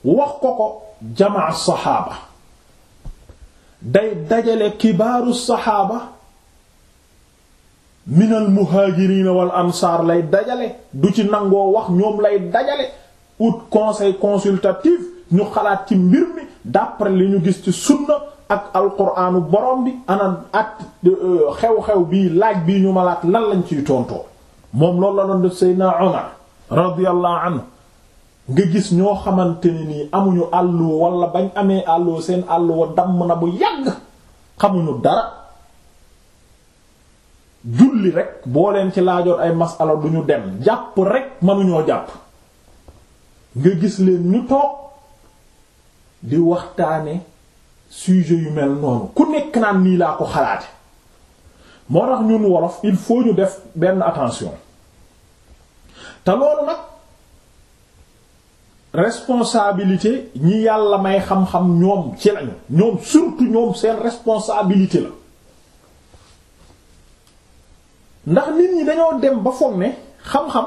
wax ko ko jamaa saxaaba day dajale kibaaru saxaaba minal muhaajiriina wal ansaar lay dajale du ci nangoo wax ñoom lay dajale ut conseil consultatif ñu xalaat ci mbir mi d'après li ñu gis ci sunna ak alquraanu borom bi ana at euh, xew-xew bii laaj bi ñu malaat laaj lan lañ ciy tontoo moom lool la doon def Omar radiyallahu anhu nga gis ñoo xamante ne nii amuñu àll wala bañ amee àllu seen àllu wa damm na bu yàgg xamuñu dara julli rek boo leen ci laajoon ay masala duñu dem jàpp rek mënuñoo jàpp nga gis leen ñu toog di waxtaane sujet yu mel noonu ku nekk naan nii laa ko xalaate moo tax ñun wolof il faut ñu def benn attention te loolu nag responsabilité ñi yàlla may xam-xam ñoom ci lañu ñoom surtout ñoom seen responsabilité la ndax nit ñi dañoo dem ba foog ne xam-xam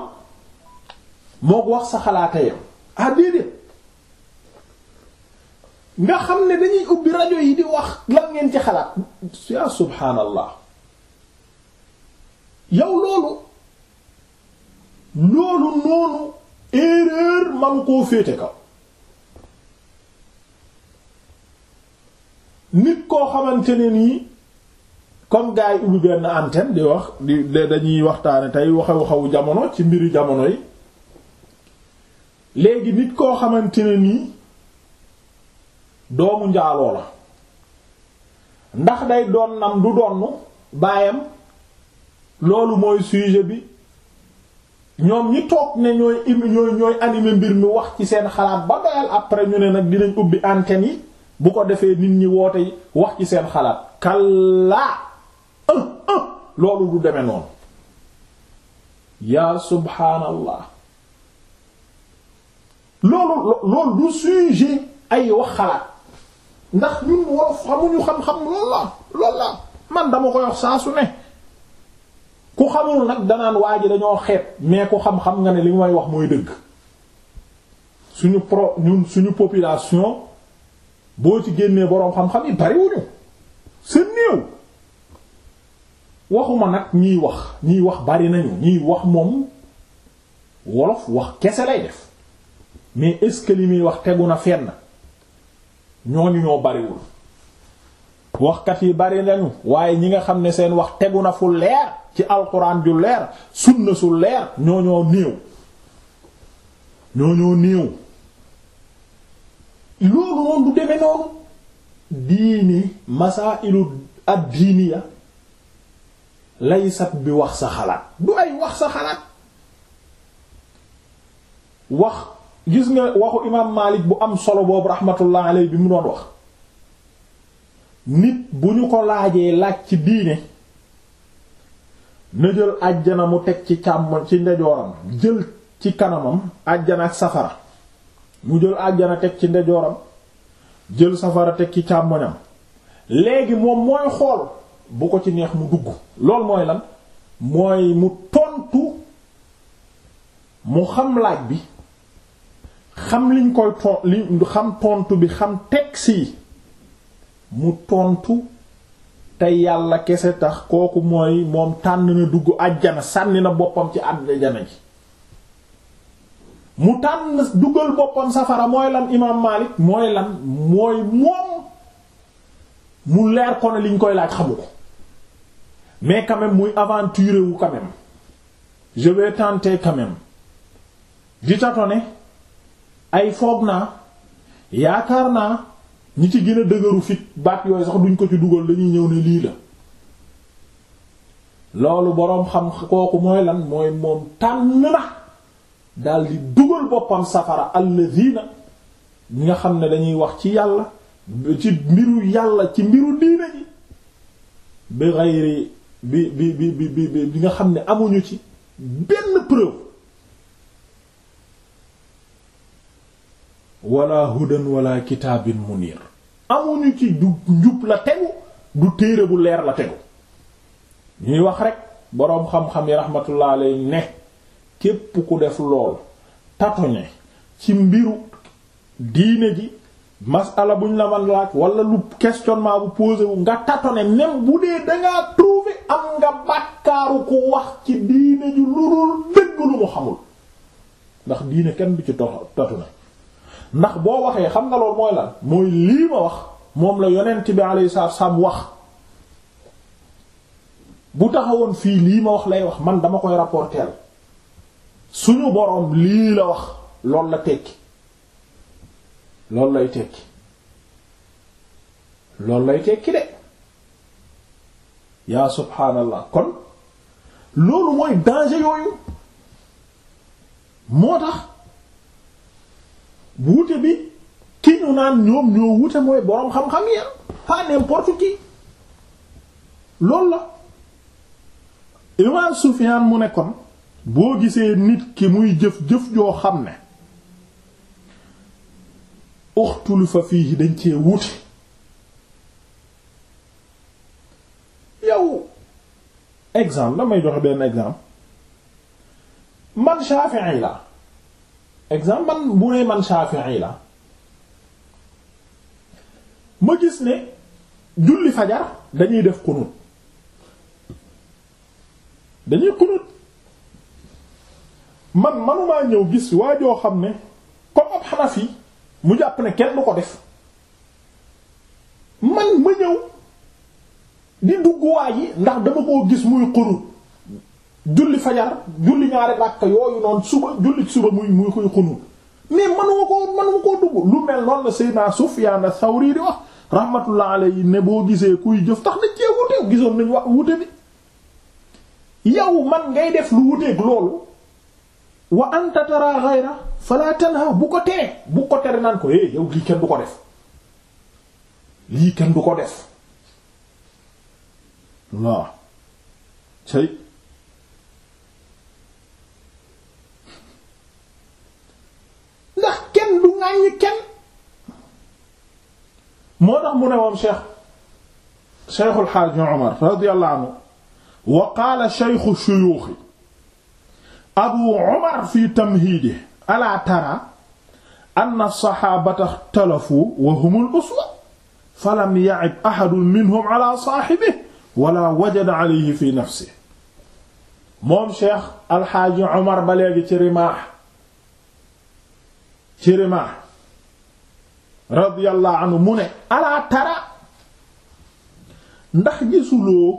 moo wax sa xalaata yam ah déedéet nga xam ne dañuy ubbi rajo yi di wax lan ngeen ci xalaat yaa subhaanallah yow loolu loolu noonu erreur man koo féete kaw nit koo xamante ne nii comme gars yi ubbi benn antenne di wax di dañuy waxtaane tey waxewu jamono ci mbiri jamono yi léegi nit koo xamante ne nii doomu njaaloo la ndax day doon nam du donn baayam loolu mooy sujet bi ñoom ñi toog ne ñooy ñooy ñooy animé mbir mi wax ci seen xalaat ba doyal après ñu ne nag dinañ ubbi antenne yi bu ko defee nit ñi woote wax ci seen xalaat kallaa loolu du deme noonu yaa subhaanallah loolu loolu du sujet ay wax xalaat ndax ñun wolof xamuñu xam-xam lool la lool man dama koy wax saa su ne ku xamul nag danaan waa ji dañoo xeeb mais ku xam-xam nga ne li may wax mooy dëgg suñu pro suñu population boo ci génnee boroom xam-xam yi nag ñiy wax ñiy wax bari nañu ñiy wax moom wolof wax kese lay def mais est-ce que li muy wax tegu na fenn. ñooñu ñoo bariwul waxkat yi bari nañu waaye ñi nga xam ne seen wax tegu na fu leer ci alxuraan ju leer sunna su leer ñoo ñoo néew ñoo ñoo néew loolu noonu du demee noonu diini masailu ad diiniya laysat bi wax sa xalaat du ay wax sa xalaat wax gis nga waxu imaam Maalik bu am solo boobu rahmatullah alayhi bi mu doon wax nit bu ñu ko laajee laaj ci diine na jël àjjana mu teg ci càmm ci ndejooram jël ci kanamam àjjana ak mu jël àjjana teg ci ndejooram jël safara teg ci càmmoñam léegi moom mooy xool bu ko ci neex mu dugg lool mooy lan mooy mu tontu mu xam laaj bi xam liñ koy ton liñ xam tontu bi xam teg yi mu tontu te yàlla kese tax kooku mooy moom tànn na dugg àjjana sànni na boppam ci àjjana ji mu tànn dugal boppam safara mooy lan imaam Maalik mooy lan mooy moom mu leer ko liñ koy laaj xamu ko mais quand muy aventurer wu quand même je di tâtonner ay foog naa yaakaar naa ñi ci gën a dëgëru fit baat yooyu sax duñ ko ci dugal dañuy ñëw ne lii la loolu boroom xam kooku mooy lan mooy moom tànn na daldi dugal boppam safara alladina ñi nga xam ne dañuy wax ci yàlla ci mbiru yàlla ci mbiru diine ji bi xayri bi bi bi bi bi nga xam ne amuñu ci benn preuve wala hudan wala kitaabin munir amuñu ci du njub la tegu du téere bu leer la tegu ñuy wax rekk boroom xam-xam yi rahmatullah ne képp ku def lool tatoñe ci mbiru diine ji masala buñ la man laaj wala lu questionnement bu posé wu nga tatoné même bu dee dangaa trouvé am nga bàkkaaru ku wax ci diine ju lu dul dëgg lu mu xamul ndax diine kenn du ci tox ndax boo waxee xam nga loolu mooy lan mooy lii ma wax moom la yonent bi alayhi salaatu wasallam wax bu taxawoon fii lii ma wax lay wax man dama koy rapporter suñu boroom lii la wax loolu la tekki loolu lay tekki loolu lay tekki de yaa subhaanallah kon loolu mooy danger yooyu moo tax wuute bi ki ñu naan ñoom ñoo wuute mooy boroom xam-xam yi ah, pas n'importe qui la imam Sufyan mu ne kon boo gisee nit ki muy jëf-jëf joo xam ne uxtulu fa fii dañ cee wuute yow exemple damay joxe benn exemple man Shafi'i la exemple man bu ne man yi la ma gis ne julli fajar dañuy def xunut dañuy xunut man manumaa ñëw gis waa joo xam ne comme ab Hanafi mu jàpp ne kenn bu ko def man ma ñëw di dugg waa yi ndax dama koo gis muy xunut julli fajar julli ñaari ràkk yooyu noonu suba julli suba muy muy koy xunut mais mënuma koo mënuma koo dugg lu mel noonu la Seydina Sufyaan Sawri di wax rahmatullah alayhi ne boo gisee kuy jëf tax na cee wute gisoon nañ wax wute bi yow man ngay def lu wuteeg loolu wa anta tara ghayra fala bu ko tere bu ko tere naan ko é eh, yow lii kenn du ko def lii kenn du ko def waaw ŋàññi kenn moo tax mu ne woon cheikh cheikhu alxaaji omar radiyallahu anhu wa qaala cheikhu shuyuuxi abu omar fi tamhiide alaa tara anna saxaabata ixtalafu wa humul uswa falam ya'ib ahadun minhum ala saaxibihi wala wajada alayhi fi nafsihi moom cheikh alxaaji omar ba léegi ci rimaax ci Rimaa radiyallahu mu ne alaa ndax gisuloo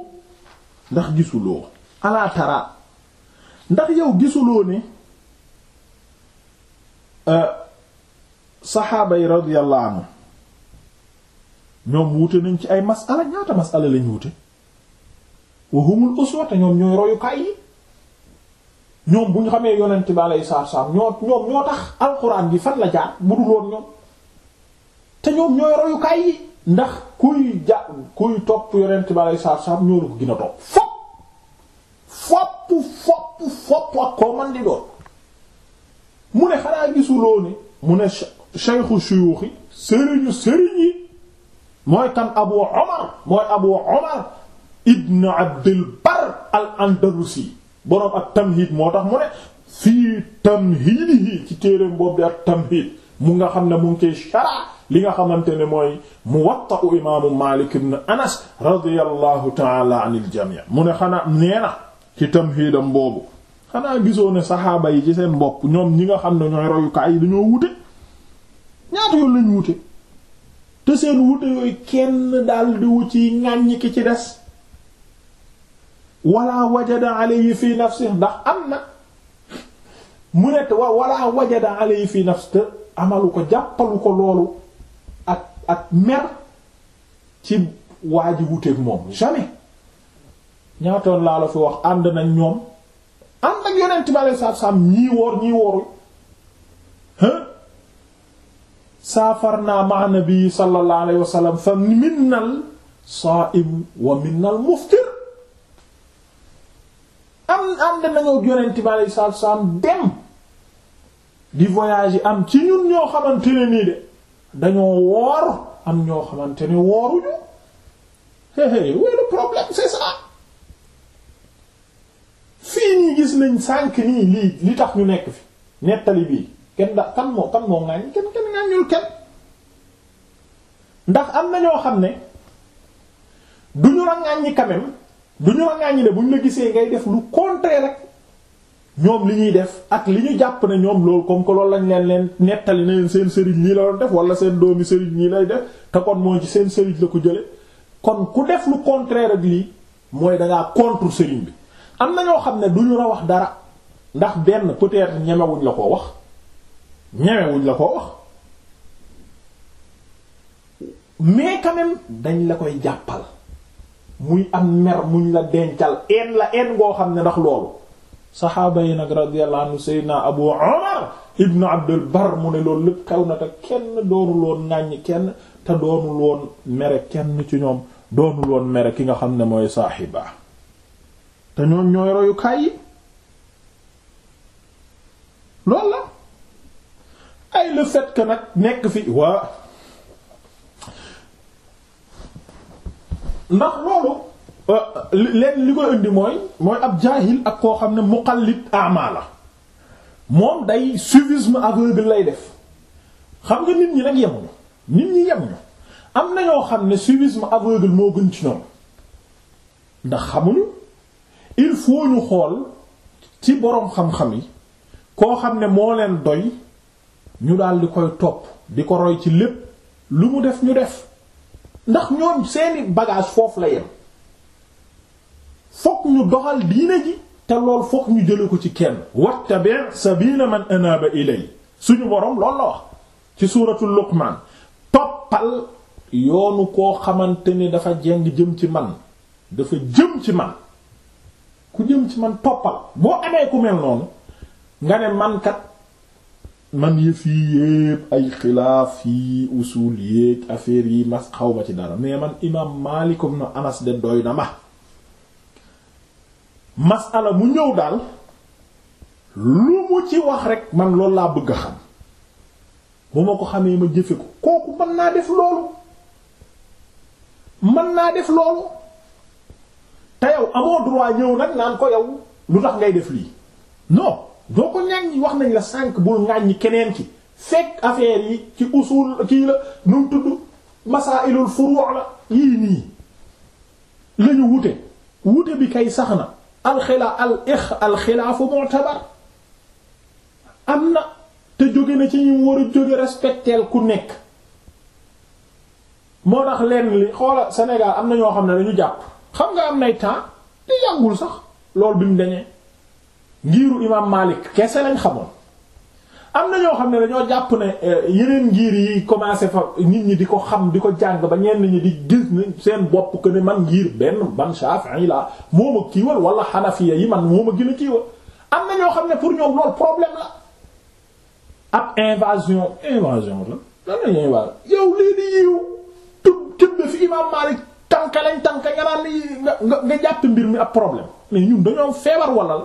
ndax gisuloo alaa ndax yow gisuloo ne euh, saxaaba yi radiyallahu anhu ñoom wuute nañ ci ay masala ñaata masala lañ wuute wa humul ñoom ñooy royukaay yi ñoom bu ñu xamee yonent bi alayhi salaatu salaam ñoo ñoom ñoo tax alxuraan bi fan la jaar bu dul woon ñoom te ñoom ñooy royukaay yi ndax kuy ja kuy topp yonent bi alayhi salaatu salaam ñoo la ko gën a topp fopp fopp fopp fopp ak koo doon mu ne xanaa gisuloo ne mu ne shaykhu shuyuukh sëriñu sëriñ mooy kan abu omar mooy abu omar ibn abdul al andalusi boroom ak tamhid moo tax mu ne fii tamhidihi ci téereem boobu di ak tamhid mu nga xam ne mu ngi koy shara li nga xamante ne mooy muwatta u imaamu Maalik ibn Anas radiyallahu taala anil jamii mu ne xanaa nee na ci tamhidam boobu xanaa gisoo ne saxaaba yi ci seen bopp ñoom ñi nga xam ne ñooy royukaay yi dañoo wute ñaata yoon lañ wute te seen wute yooyu kenn daal di wu ci ñàññi ki ci des wala wajada alayhi fi nafsihi ndax am na mu ne wa wala wajada alayhi fi nafsihi amalu ko jàppalu ko loolu ak ak mer ci waa ji wuteeg moom jamais ñaatoon laa fi wax ànd nañ ñoom ànd ak yonent bi alei satu salaam ñii woor ñii wooru saafarna ma nabi sallallahu alayhi fa minnal saa'im wa minnal muftir am ànd nañoo yonent bi aleyhi salaatu salaam dem di voyage am ci ñun ñoo xamante ne nii de dañoo woor am ñoo xamante ne wooruñu hey où est le problème c'est ça fii nii gis nañ sànk nii lii li tax ñu nekk fi nettali bii kenn da kan moo kan moo ŋaañ kenn kenn ŋaañul kenn ndax am na ñoo xam ne duñu la ŋaañ quand du ñu la ŋàññi de bu ñu la gisee ngay def lu contraire rek ñoom li ñuy def ak li ñu jàpp ne ñoom loolu comme que loolu lañ leen leen nettali na leen seen sëriñ ñii la doon def wala seen doomi sëriñ ñii lay def te kon mooy ci seen sëriñ la ko jële kon ku def lu contraire ak lii mooy dangaa contre sëriñ bi am na ñoo xam ne du ñu la wax dara ndax benn peut-être ñemewuñ la koo wax ñemewuñ la koo wax mais quand dañ la koy jàppal muy am mer muñ la dencal een la een ngoo xam ne ndax loolu saxaaba yi nag radiyallahu anhu seydina abu umar ibnu abdul bar mu ne loolu lépp xew na kenn doonul woon ŋàññ kenn te doonul woon mere kenn ci ñoom doonul woon mere ki nga xam ne mooy saaxiba te ñoom ñooy royukaay yi loolu la ay le fait que nag nekk fi waa ndax loolu euh, leen li koy indi mooy mooy ab jaahil ak koo xam ne muqallid ama la moom day suivisme aveugle lay def xam nga nit ñi nag yemuñu nit ñi yemuñu am na ñoo xam ne suivisme aveugle moo gën ci ñoom ndax xamuñu il faut ñu xool ci boroom xam-xam yi koo xam ne moo leen doy ñu daal di koy topp di ko roy ci lépp lu mu def ñu def ndax ñoom seeni bagaas foofu la yem fokk ñu doxal diine ji te lool fokk ñu jële ko ci kenn wattabi' sabila man anaba ilay suñu boroom loolu la wax ci suuratul luqmaan toppal yoonu koo xamante ni dafa jeng jëm ci man dafa jëm ci man ku jëm ci man toppal boo amee ku mel noonu nga ne man man yëf yi yépp ay xilaaf yi usul yéeg affaire yi mas xaw ma ci dara mais man imaam Maalik ibn Anas de doy na ma masala mu ñëw daal lu mu ci wax rek man lool laa bëgg a xam bu ma ko xamee ma jëfe ko kooku mën naa def loolu mën naa def loolu te yow amoo droit ñëw nag naan ko yow lu tax ngay def lii doo ko ñàññi wax nañ la sànq bul ñàññi keneen ki fekk affaire yi ci usul kii la nu mu tudd masailul furu' la yii nii la wute wute bi kay sax na alxila al ix alxilaafu mu'tabar am na te jóge na ci ñu war jóge respecteel ku nekk moo tax lenn li xoola senegal am na ñoo xam ne dañu jàpp xam nga am nay temps te yàggul sax loolu bi mu dañee ngiiru imaam Malik kese lañ xamoon am na ñoo xam ne dañoo jàpp ne eh, yeneen ngiir yi commencé fa nit ñi di ko xam di ko jàng ba ñenn ñi di gis ne seen bopp que ne man ngiir benn ban Shafi'i la moom a kiiwal wala Hanafiya yi man moom a gina a kiiwal am na ñoo xam ne pour ñoom loolu problème la ab invasion invasion la lan la ñuy wax yow lii di yiw nga nga jàpp mbir mi ab problème mais ñun dañoo feebar wala la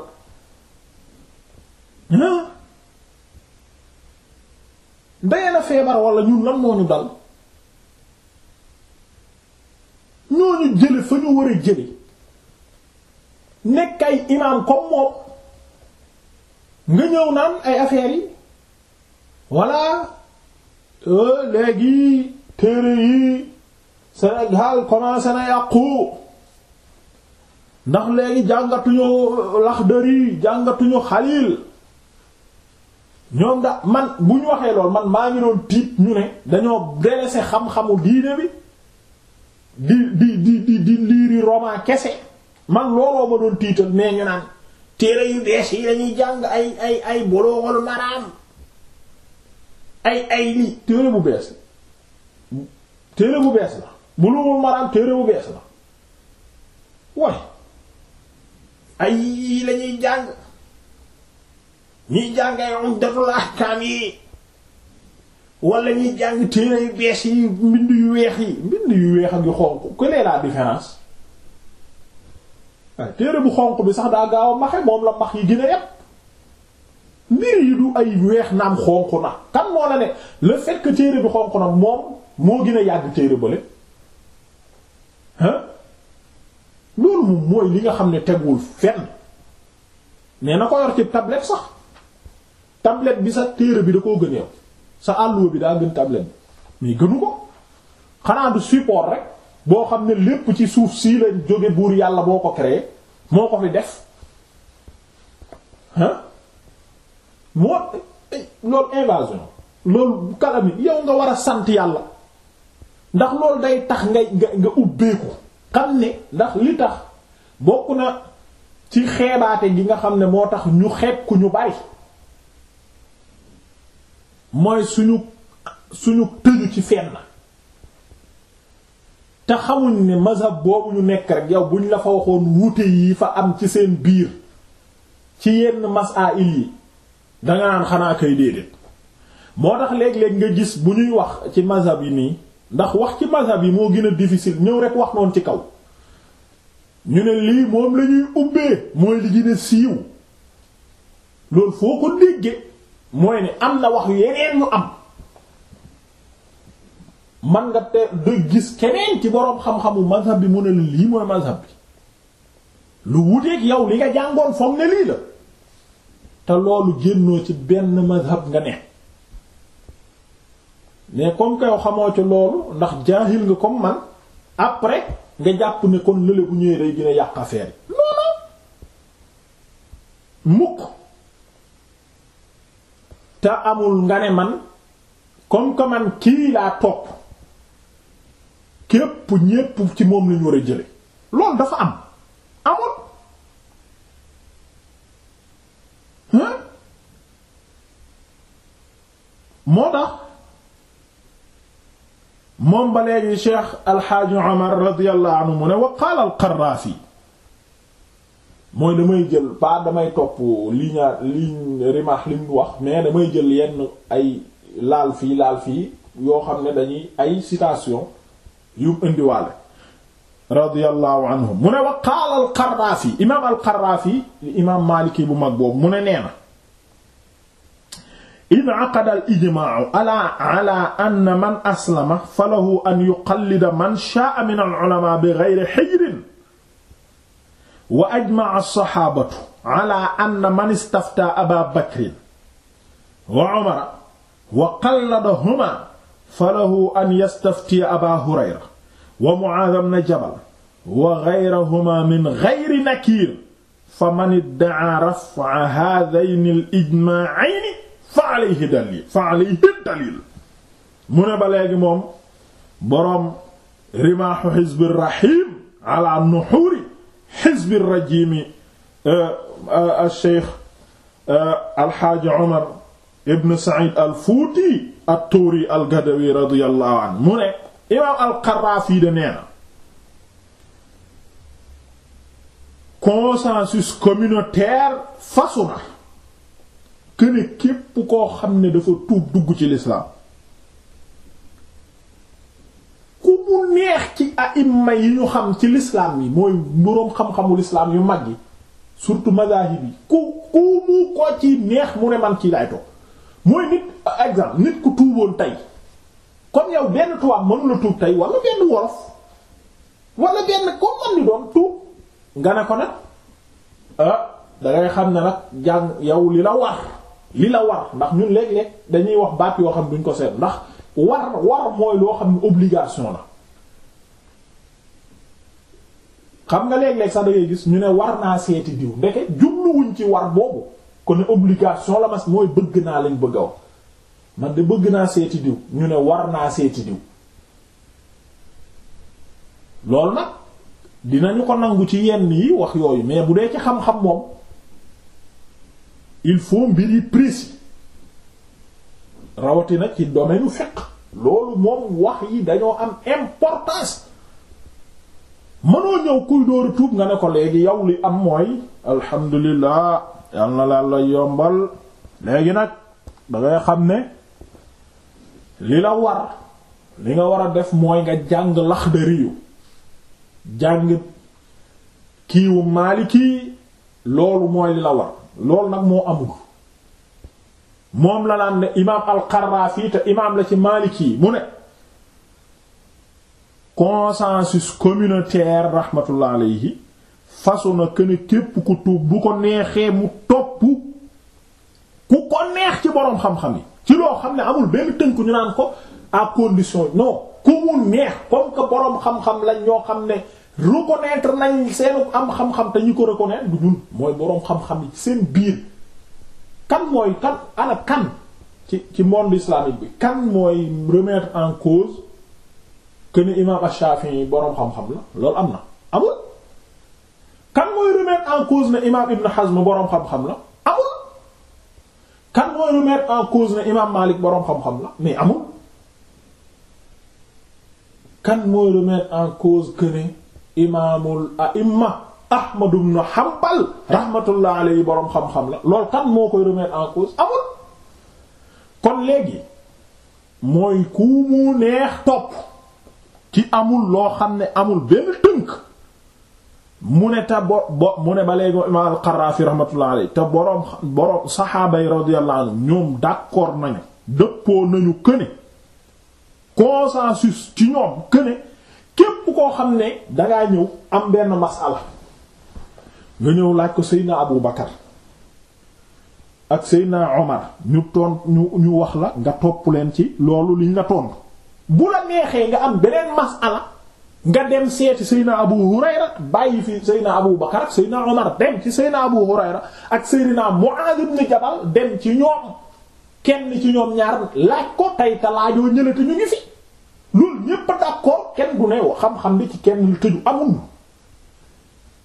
dayana feebar wala ñun lan moo ñu dal ñooñu jële fa ñu war a jële nekk ay imaam comme moom nga ñëw naan ay affaires yi walla euh, léegi téere yi Sénégal commencé na yàqu ndax léegi jàngatuñu Laxdari jàngatuñu Xalil ñoom da man bu ñu waxee lool man maa ngi doon tiit ñu ne dañoo délaissé xam-xamu diine bi di di di di liiri roman kese man looloo ma doon tiital mais ñu naan téere yu bees yi dañuy jàng ay ay ay bolowal téere bu bees téere bu bees la bulowal maraam téere bu bees la waaye ay lañuy jàng ñiy jàngee Umdatul Ahkaam yi walla ñiy jàng téere yu bees yi mbind yu weex yi mbind yu weex ak yu xonq quelle est la différence waaye téere bu xonq bi sax daa gaaw a maxe moom la max yi gën a yépp mbir yi du ay weex naam xonq na kan moo la ne le fait que téere bi xonq na moom moo gën a yàgg téere bële ah loolu mooy li nga xam ne teguwul fenn mais na ko yor ci tablette sax tablette bi sa téere bi da koo gën yow sa àlluwa bi daa gën tablette bi mais gënu ko xanaa du support rek boo xam ne lépp ci suuf sii leen jóge buur yàlla boo ko créé moo ko fi def ah moo eh, loolu invasion loolu kalami yow nga war a sant yàlla ndax loolu day tax nga nga ubbeeku xam ne ndax li tax bokk na ci xeebaate gi nga xam ne moo tax ñu xeeb ku ñu bari mooy suñu suñu tëju ci fenn te xamuñ ne mazhab boobu ñu nekk rek yow buñ la fa waxoon wuute yi fa am ci seen biir ci yenn masaa'il yi danga naan xanaa kay déedéet moo tax léeg-léeg nga gis bu ñuy wax ci mazhab yi nii ndax wax ci mazhab yi moo gën a difficile ñëw rek wax noonu ci kaw ñu ne lii moom la ubbee mooy li gën siiw loolu foo ko déggee mooy ne am na wax yeneen ñu am man nga te de gis keneen ci boroom xam-xamu mazhab bi mu ne la lii mooy mazhab bi lu wuteeg yow li nga jàngoon foog ne lii la te loolu génnoo ci benn mazhab nga ne mais comme xamoo ci loolu ndax jaahil nga comme man après nga jàpp ne kon lële bu ñëwee day gën a yàq yi non mukk te amul nga ne man comme que man kii laa topp képp ñépp ci moom lañu war a jële loolu dafa am amul hein moo tax moom ba léegi Cheikh Alxaaji Omar radiyallahu mu ne wa qaala al-Qaraafi mooy damay jël pas damay topp ligne ligne rimaax li mu wax mais damay jël yenn ay laal fii laal fii yoo xam ne dañuy ay citation yu indiwaale radiyallahu anhum mu ne wa qaala al Qaraafi imaam al Qaraafi li imaam Maliki bu mag boobu mu ne nee na inaqada al ijmaau ala ala anna man aslama falahu an yuqallida man sha'a min al ulama bi ghayri hijrin wa ajmaa saxaabatu ala anna man istafta aba bakrin wa umara wa qalladahuma fa lahu an yastaftiya aba hurayra wa muaaz ibn jabal wa gayrahuma min gayri nakiir fa man iddaa rafaa haadayni al ijmaayayni fa alayhi daliil fa alayhi daliil mu ne ba léegi moom boroom rimaaxu xizbi raxiim ala nuxuuri xizbi rajimi alcheikh euh, euh, euh, alxaaji omar ibn said al fuuti attuuri al gadawi radiyallahu an mu ne imaam alqaraafi de nee na communautaire fasu na këne képp koo xam ne dafa tuub dugg ci lislaam mu neex ci aimma ñu xam ci l'islam yi mooy boroom xam-xamu yu mag yi surtout mazahib yi ku ko ci neex mu ne man ci lay toog mooy nit exemple tey comme yow benn tubaab mënu la tuub tey wala benn wolof wala benn ko man ni doon tuub nga ne ko nag ah, dangay xam ne nag jàng yow li la war li la war ndax ñun léeg-léeg dañuy wax baat yoo xam duñ ko seet ndax war war mooy loo xam ne obligation la xam nga léeg-léeg sax da gis ñu ne war naa seeti diw ndeke jubluwuñ ci war boobu kon obligation la mas mooy bëgg naa lañ bëgg a man de bëgg naa seeti diw ñu ne war naa seeti diw loolu nag dinañu ko nangu ci yenn yi wax yooyu mais bu dee ci xam-xam moom il faut mbir yi précis rawatina ci domaine u fiqh loolu moom wax yi dañoo am importance mënoo ñëw kuy dóora tuub nga ne ko léegi yow li am mooy alhamdulilah yal na la la yombal léegi nag dangay xam ne li la war li nga war a def mooy nga jàng Laxdari yu jàng kiiwu Maaliki loolu mooy li la war loolu nag moo amul moom la naan ne imaam al-Qaraafi te imaam la ci Maaliki mu ne consensus communautaire rahmatullah alayhi façon na ne képp ku tuub bu ko neexee mu topp ku ko neex ci boroom xam-xam yi ci loo xam ne amul benn tënk ñu naan ko à condition non ku mu neex comme que boroom xam-xam lañ ñoo xam ne reconnaître nañ seen am xam-xam te ñu ko reconnaître du ñun mooy boroom xam-xam yi seen biir kan mooy kan ana kan ci ci monde islamique bi kan mooy remettre en cause këni imaam Ash-Shafi'i boroom xam-xam la loolu am na amul kan mooy remettre en cause ne imaam Ibn Hazm boroom xam-xam la amul kan mooy remettre en cause ne imaam Malik la mais amul kan mooy imaamul a'imma Ahmad ibn Hanbal rahmatullah alayhi boroom xam-xam la loolu kan moo koy remettre en cause amul kon léegi mooy ku mu neex topp. ki amul loo xam ne amul benn tënk mu ne te bo bo mu ne ba léegi imaam al-Qaraafi rahmatullah alayhi te boroom boroom saxaaba yi radiyallahu ñoom d'accord nañu dëppoo nañu këne consensus ci ñoom këne képp koo xam ne dangaa ñëw am benn masala nga ñëw laaj ko Seydina Abu Bakar ak Seydina Omar ñu toon ñu wax la nga topp leen ci loolu liñ la tontu bu la neexee nga am beneen masala nga dem seeti Seydina Abu Hurayra bàyyi fi Seydina Abu Bakar ak Seydina Omar dem ci Seydina Abu Hurayra ak Seydina Mu'adh ibn Jabal dem ci ñoom kenn ci ñoom ñaar laaj ko tey te laajoo ñële ñu ngi fi loolu ñépp d'accord kenn du ne xam-xam bi ci kenn lu tëju amul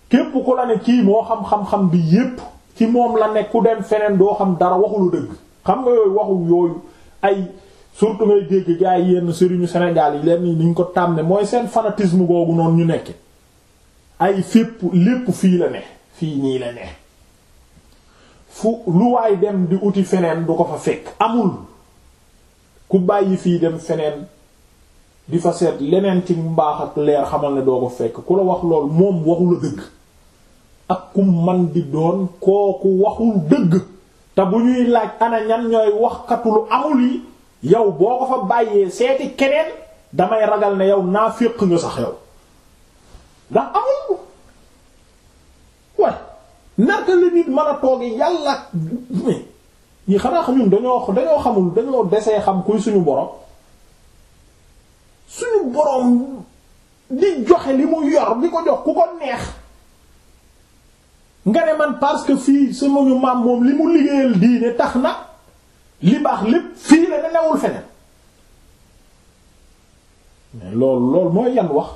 képp ku la ne kii moo xam xam bi yépp ci moom la ne ku dem feneen doo xam dara waxulu dëgg xam nga yooyu waxu yooyu ay surtout ngay dégg gaa yi yenn sëriñu Sénégal yi leen ni ñu ko tàmme mooy seen fanatisme googu noonu ñu nekk ay fépp lépp fii la ne fii nii la ne fu lu waay dem di wuti feneen du ko fa fekk amul ku bàyyi fii dem feneen di fa seet leneen ci mbaax ak leer xamal ne doo ko fekk ku la wax lool moom waxul a dëgg ak ku man di doon kooku waxul dëgg te bu ñuy laaj ana ñan ñooy waxkatu lu amul yi yow boo ko fa bàyyee seeti keneen damay ragal na yow féq nga sax yow ndax amul way narka la nit mën a toog yàlla ñi xanaa xam ñun dañoo dañoo xamul dañoo desee xam kuy suñu borom suñu borom di joxe li mu yor di ko jox ku ko neex nga ne man parce que fii sama ñu maam moom li mu liggéeyal diine tax na li baax lépp fii la ne newul feneen mais loolu mooy yan wax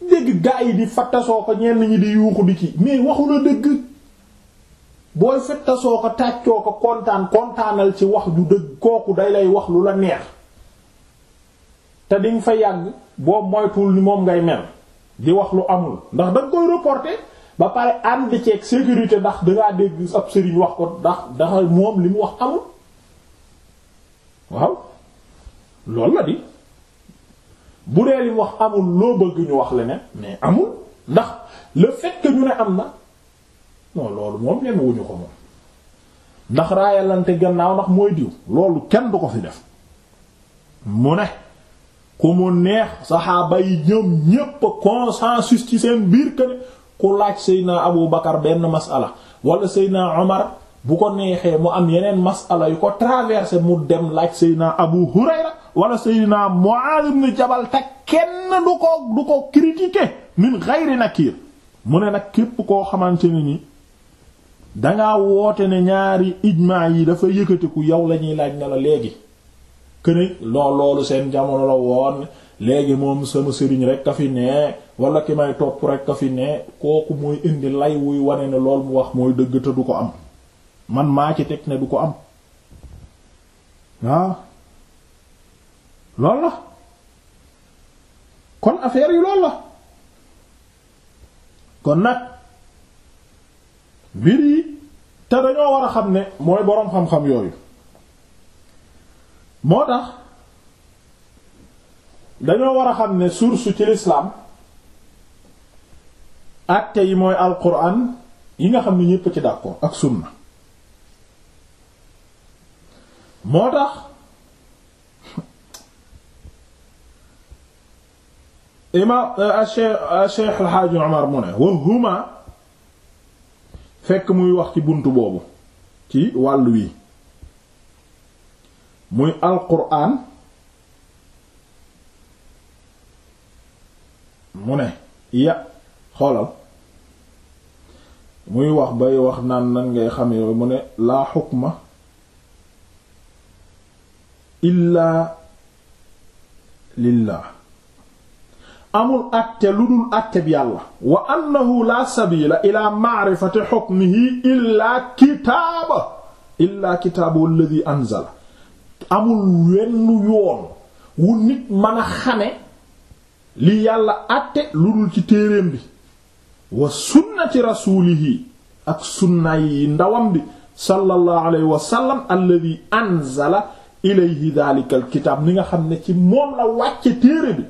dëgg gaa yi di fattasoo ko ñenn ñi di yuuxu di ci mais waxu la dëgg booy fattasoo ko tàccoo ko kontaan kontaanal ci wax ju dëgg kooku day lay wax lu la neex te diñ fa yàgg boo moytuwul ni moom ngay mel di wax lu amul ndax danga koy reporter ba pare ànd ceeg sécurité ndax dangaa dégg ab sëriñ wax ko ndax ndax moom li mu wax amul waaw loolu la di bu dee li mu wax amul loo bëgg ñu wax leneen mais amul ndax le fekk que ne am na non loolu moom len wuñu ko moom ndax raayalante gannaaw ndax mooy diw loolu kenn du ko fi def mu ne ku mu neex saxaaba yi ñoom ñépp consensus ci seen biir que ku laaj Seydina Abu Bakar benn masala wala Seydina Omar bu ko neexee mu am yeneen masala yu ko traversé mu dem laaj Seydina Abu Hurayra wala Seydina Mu'adh ibn Jabal te kenn du ko du ko critiquer min ghayri nakir mu ne nag képp koo xamante ne ni danga woote ne ñaari ijmaa yi dafa yëkkatiku yow lañuy laaj ne la léegi këne lool loolu seen jamono la woon léegi moom sama sëriñ rek a fi ne wala ki may topp rek ka fi ne kooku mooy indi lay wuy wane ne lool mu wax mooy dëgg te du ko am man maa ci teg ne du ko am waaw ah. lool la kon affaire yi lool la kon nag mbir yi te dañoo war a xam ne mooy boroom xam-xam yooyu moo tax dañoo war a xam ne source ci l'islam acte yi mooy alquran yi nga xam ne ñépp ci d'accord ak sunna moo tax imaam euh, Cheikh euh, Cheikh mu ne wa fekk muy wax ci buntu boobu ci wàllu wi muy alquran mu ne ya xoolal muy wax bay wax naan nan ngay xam yooyu mu ne laa xukma illaa lillaa amul àtte lu dul àtte bi yàlla wa annahu laa sabiila ilaa maarifati xukmihi illaa kitaaba illaa kitaabu alladi anzala amul wenn yoon wu nit mën a xame li yàlla àtte lu dul ci téereem bi wa sunnati rasuulihi ak sunna yi ndawam bi sallallahu alayhi wa sallam alladhi anzala ilayhi dhalika ni nga xam ne ci moom la wàcce téere bi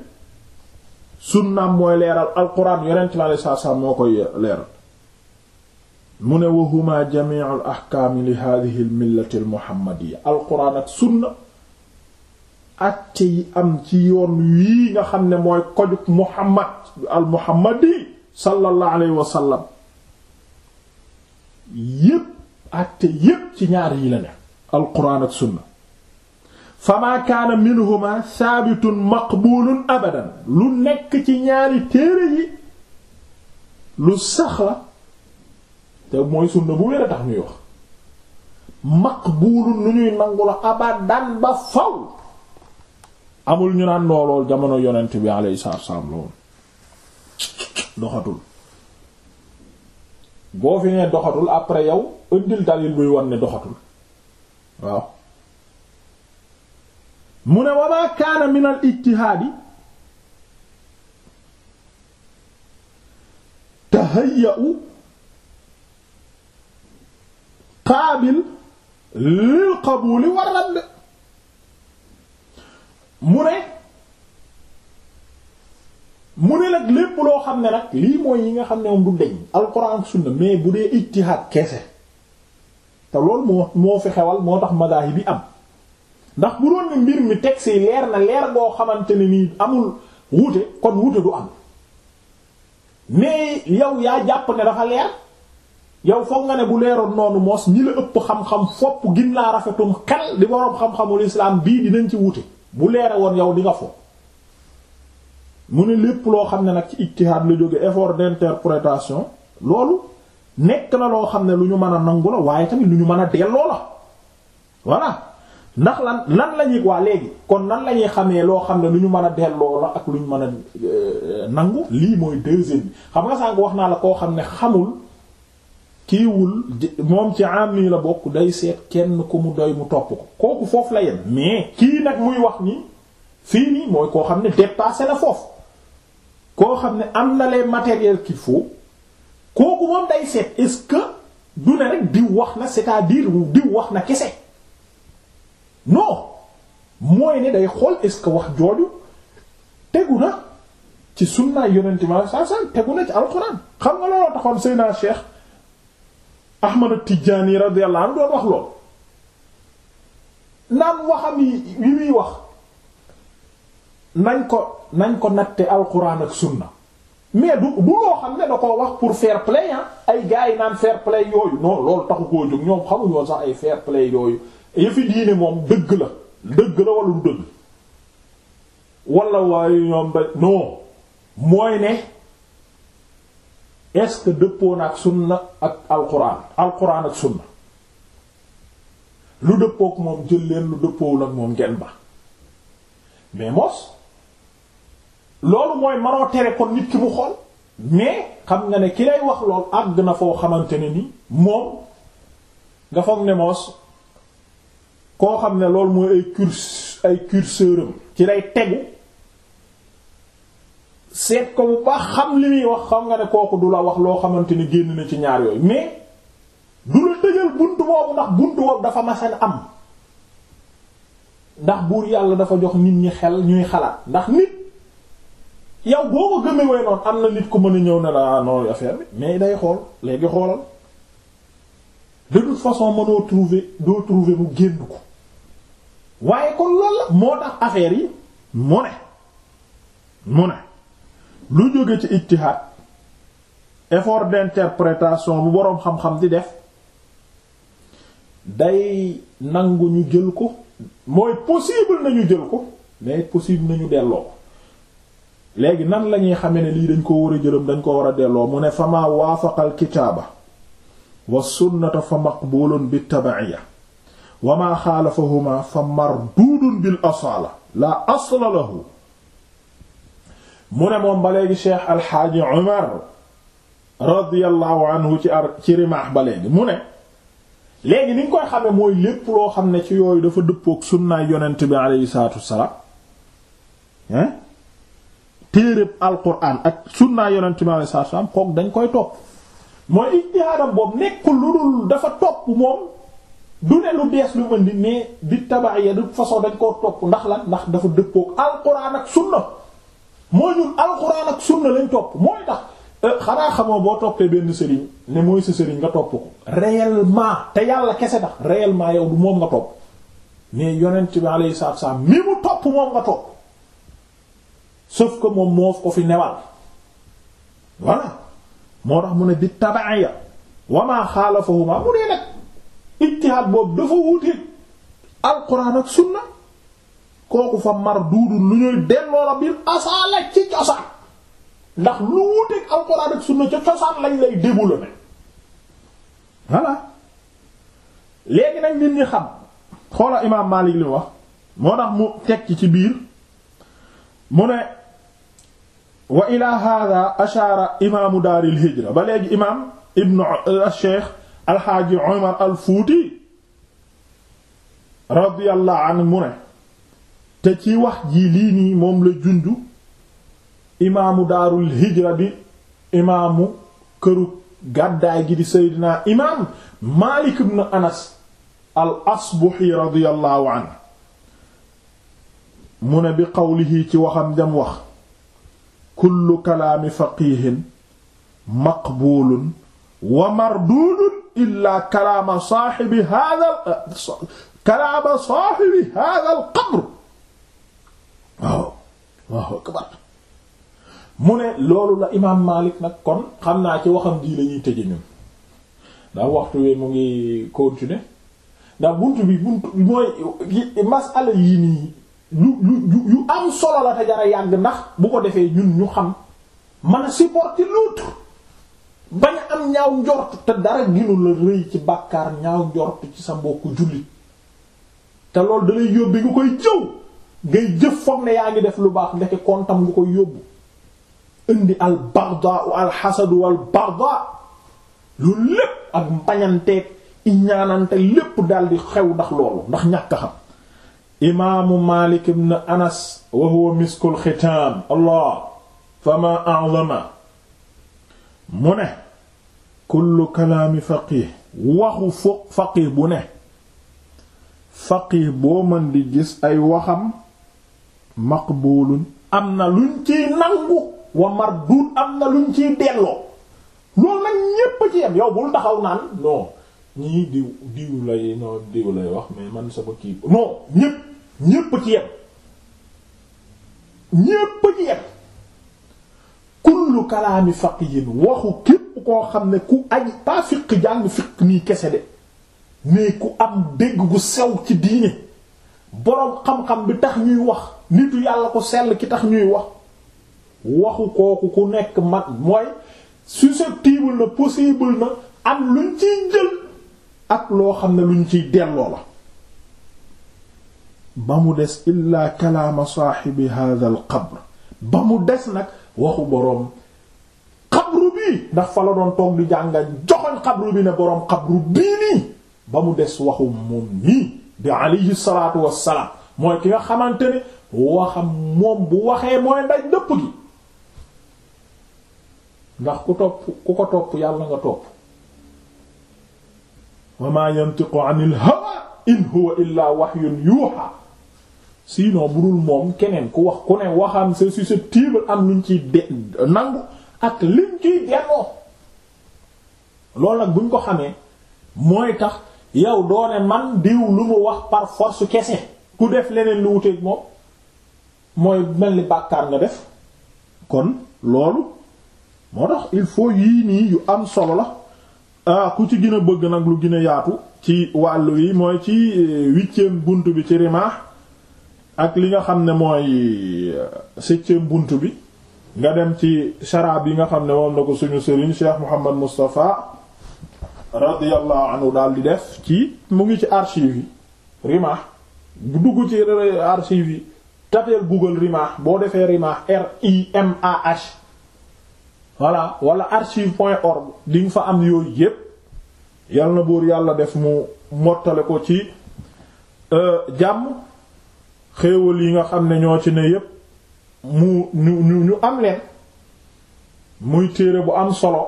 sunnaam mooy leeral alquran yonent bi alayhi salaam moo koy leeral mu ne wa huma jamiu al li hadihi yi am ci yoon wii nga xam ne mooy kojug muhammad al muhammadi sallallahu alayhi wa sallam yépp yépp ci ñaar yi la ne alquran ak sunna fa maa kaana minhuma saabitun maqbulun abadan lu nekk ci ñaari téere yi lu sax la te mooy sunna bu wér a tax ñuy wax maqbulun lu ñuy nangu la abadan ba faw amul ñu naan loolool jamono yonent bi alayhi salaatu wa loolu doxatul boo fi nee doxatul après yow ëndil dalil buy wan ne doxatul waaw mu ne wa ma kaana min al qaabil lil qabuuli wa radd mu ne mu ne nag lépp loo xam ne nag lii mooy yi nga xam ne moom du deñ alxuraan sunna mais bu dee ijtihaad kese te loolu moo moo fi xewal moo tax madaahib bi am ndax bu doon ne mbir mi teg si leer na leer boo xamante ne nii amul wuute kon wuute du am mais yow yaa jàpp ne dafa leer yow foog nga ne bu leeroon noonu moos ñi la ëpp xam-xam fopp gin laa rafetum xel di boroom xam-xamul islaam bii dinañ ci wuute bu leere woon yow di nga mu ne lépp loo xam ne nag ci ijtihaad la jóge effort d'interprétation loolu nekk na loo xam ne lu ñu mën a nangu la waaye tamit lu ñu mën a delloo la voilà ndax lan lan la ñuy waa léegi kon nan la ñuy xamee loo xam ne lu ñu mën a delloo la ak lu ñu mën a euh, nangu lii mooy deuxième bi xam nga sànq wax naa la koo xam ne xamul kiiwul moom ci am la bokk day seet kenn ku mu doy mu topp ko kooku foofu la yem mais kii nag muy wax ni fii nii mooy koo xam ne dépassé na foofu koo xam ne am na les matériels qu'il faut kooku moom day seet est-ce que du ne rek diw wax na c'est-à-dire diw wax na kese non mooy ne day xool est-ce que wax jooju tegu na ci sunnaay yonente ma saa saa tegu na ci alxuraan xam nga looloo taxoon Seydina Cheikh Ahmad Tidjani radiyallahu anhu doon wax lool naan waxam yi yi muy wax. nañ ko nañ ko natte alquran ak sunna mais du du xam ne da koo wax pour fair play ah ay gars yi naan fair play yooyu non loolu taxu koo jóg ñoom xamuñu sax ay fair play yooyu yëfi diine moom dëgg la dëgg la wala du dëgg wala waaye ñoom ba non mooy ne est-ce dëppoo na ak sunna ak alquran alquran ak sunna lu dëppook moom jël lu dëppoo ak moom ngeen ba mais mos. loolu mooy manoo tere kon nit ki mu xool mais xam nga ne ki lay wax lool àgg na foo xamante ne ni moom nga foog ne moos koo xam ne loolu mooy ay curs ay curseur am ci lay tegu seet ko bu baax xam li muy wax xam nga ne kooku du la wax loo xamante ni génn na ci ñaar yooyu mais du la tëjal buntu boobu ndax buntu boobu dafa masan am ndax buur yàlla dafa jox nit ñi xel ñuy xalaat ndax nit yow boo ko gëmee way noonu am na nit ku mën a ñëw ne la ah, noonu affaire bi mais day xool léegi xoolal de toute façon mënoo trouver doo trouver mu génn ko waaye kon loolu moo tax affaire yi mu ne mu ne lu jóge ci ijtihad effort d'interprétation bu boroom xam-xam di def day nangu ñu jël ko mooy possible ñu jël ko mais possible nañu delloo léegi nan lañuy xame ne lii dañ ko war a jëlam dañ ko war a delloo mu ne fama waafaqal kitaaba wa sunnata fa maqbulun bi tabaciya wa maa xaalafahuma fa marduudun bil asaala la asla lahu mu ne moom ba léegi cheikh alxaaji Umar radiyallahu anhu ci ar ci rimaax ba léegi mu ne léegi ni koy xamee mooy lépp loo xam ne ci yooyu dafa dëppook sunnaay yonent bi aleyhi salaatu wassalaam téereeb alquran ak sunnaa yonent bi alayhi salaam kook dañ koy topp mooy ijtihaadam boobu nekkul lu dul dafa topp moom du ne lu bees lu mën di mais di tabax ya de façon dañ koo topp ndax la ndax dafa dëppook alquran ak sunna mooy ñun alquran ak sunna lañ topp mooy tax euh, xanaa xamoo boo toppee benn sëriñ ne mooy sa sëriñ nga topp ko réellement te yàlla kese tax réellement yow du moom nga topp mais yonent bi alayhi salaam mi mu topp moom nga topp sauf ko moom moo ko fi newal voilà moo tax mu ne bi tabaiya wamaa xaalafahuma mu nee nag ijtihaad boobu dafa wuuteeg alquran ak sunna kooku fa mar duudu lu ñuy delloo la biir asaala ci cosaan ndax lu wuuteeg alquran ak sunna ca cosaan lañ lay débula ne voilà léegi nag nit ñi xam xoola imaam Maalik li wax moo tax mu teg ci ci biir mu ne wa ila hada ashaara imaamu daaril hijra ba léegi imaam ibnu euh, cheikh alxaaji omar al fuuti radiyallahu anhu mu ne te ci wax ji lii nii moom la junju imaamu daarul hijra bi imaamu këru gàddaay gi di seydina imaam maalik ibnu anas al asbuxi radiyallahu anhu mu ne bi qawlihi ci waxam jam wax kullu kalaami faqihin maqbuulun wa marduudun illaa kalaama saaxibi haadal eh, kalaama saaxibi haadal qabr mu ne loolu la imaam Maalik nag kon xam naa ci waxam ji la ñuy tëje ñun ndax waxtu wi mu ngi continuer ndax buntu bi buntu mooy masala yii yu yu yu am solo la te jara yàgg ndax bu ko defee ñun ñu xam man a supporter ba bañ am ñaaw njort te dara ginu la rëy ci bàkkaar ñaaw njort ci sa mbokku jullit te loolu dalay yóbbi nga koy jëw ngay jëf foog ne yaa ngi def lu baax ndeke kontam nga koy yóbbu indi al bardaa u al xasadu al bardaa loolu lépp ak mbañanteeg i ñaanante lépp daldi xew ndax loolu ndax ñàkk xam imaamu Maalik ibn Anas wa huwa miskul xitaam allah fama a'zama mu ne kullu kalaami faqih waxu fo faqih bu ne faqih boo mën di gis ay waxam maqbuulun am na luñ ciy nangu wa marduud am na luñ ciy delloo loolu nag ñépp ci yam yow bul taxaw naan non ñii diw diw lay non diw lay wax mais man sama kii non ñépp ñépp ci yem ñépp ci yem kullu kalaami faqihin waxu képp koo xam ne ku aji pas fiq jàng fiq nii kese de mais ku am dégg gu sew ci diine boroom xam-xam bi tax ñuy wax nitu yàlla ko sell ki tax ñuy wax waxu kooku ku nekk man mooy susceptible na possible na am luñ ciy jël ak loo xam ne luñ ciy delloo la ba mu des illaa kalaama saaxibi hadha al ba mu des nag waxu boroom xabru bii ndax fa la doon toog lu jànga joxoñ xabru bi ne boroom xabru bii nii ba mu des waxu moom nii di alayhi salaatu wassalaam mooy ki nga xamante ne waxam moom bu waxee mooy ndaj dëpp gi ndax ku topp ku ko topp yàlla nga topp wa ma yantiqu anil in huwa illa wahyun yuha sinon budul moom keneen ku wax ku ne waxam c'est susceptible am luñ ciy de nangu ak liñ ciy buñ ko xamee mooy tax yow doone man diw lu mu wax par force kese ku def leneen lu wuteeg moom mooy mel ni bàkkaar nga def kon loolu moo tax il faut yii nii yu am solo la ah ku ci gën a bëgg nag lu gën a yaatu ci wàll yi mooy ci euh, huitième bunt bi ci rimaax ak li nga xam ne mooy euh, septième bunt bi nga dem ci sharaab yi nga xam ne moom na ko suñu sëriñ Cheikh Mouhammad Moustapha radiyallahu anhu daal di def ci mu ngi ci archive yi rimaax bu dugg ci archive yi tapeel Google rimaax boo defee rimaax R I M A voilà wala archive point org di fa am yooyu yépp yal na buur yàlla def mu mottale ko ci euh, jàmm xéewal yi nga xam ne ñoo ci ne yépp mu ñu ñu ñu am leen muy téere bu am solo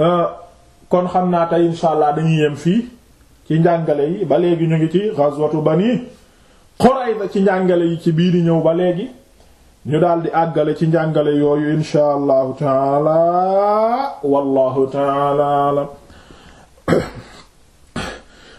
euh, kon xam naa tey insha allah dañuy yem fii ci njàngale yi ba léegi ñu ngi ci ghazwatu Bani Qurayza ci njàngale yi ci biir di ñëw ba léegi ñu di àggale ci njàngale yooyu insha allahu taala wallahu taala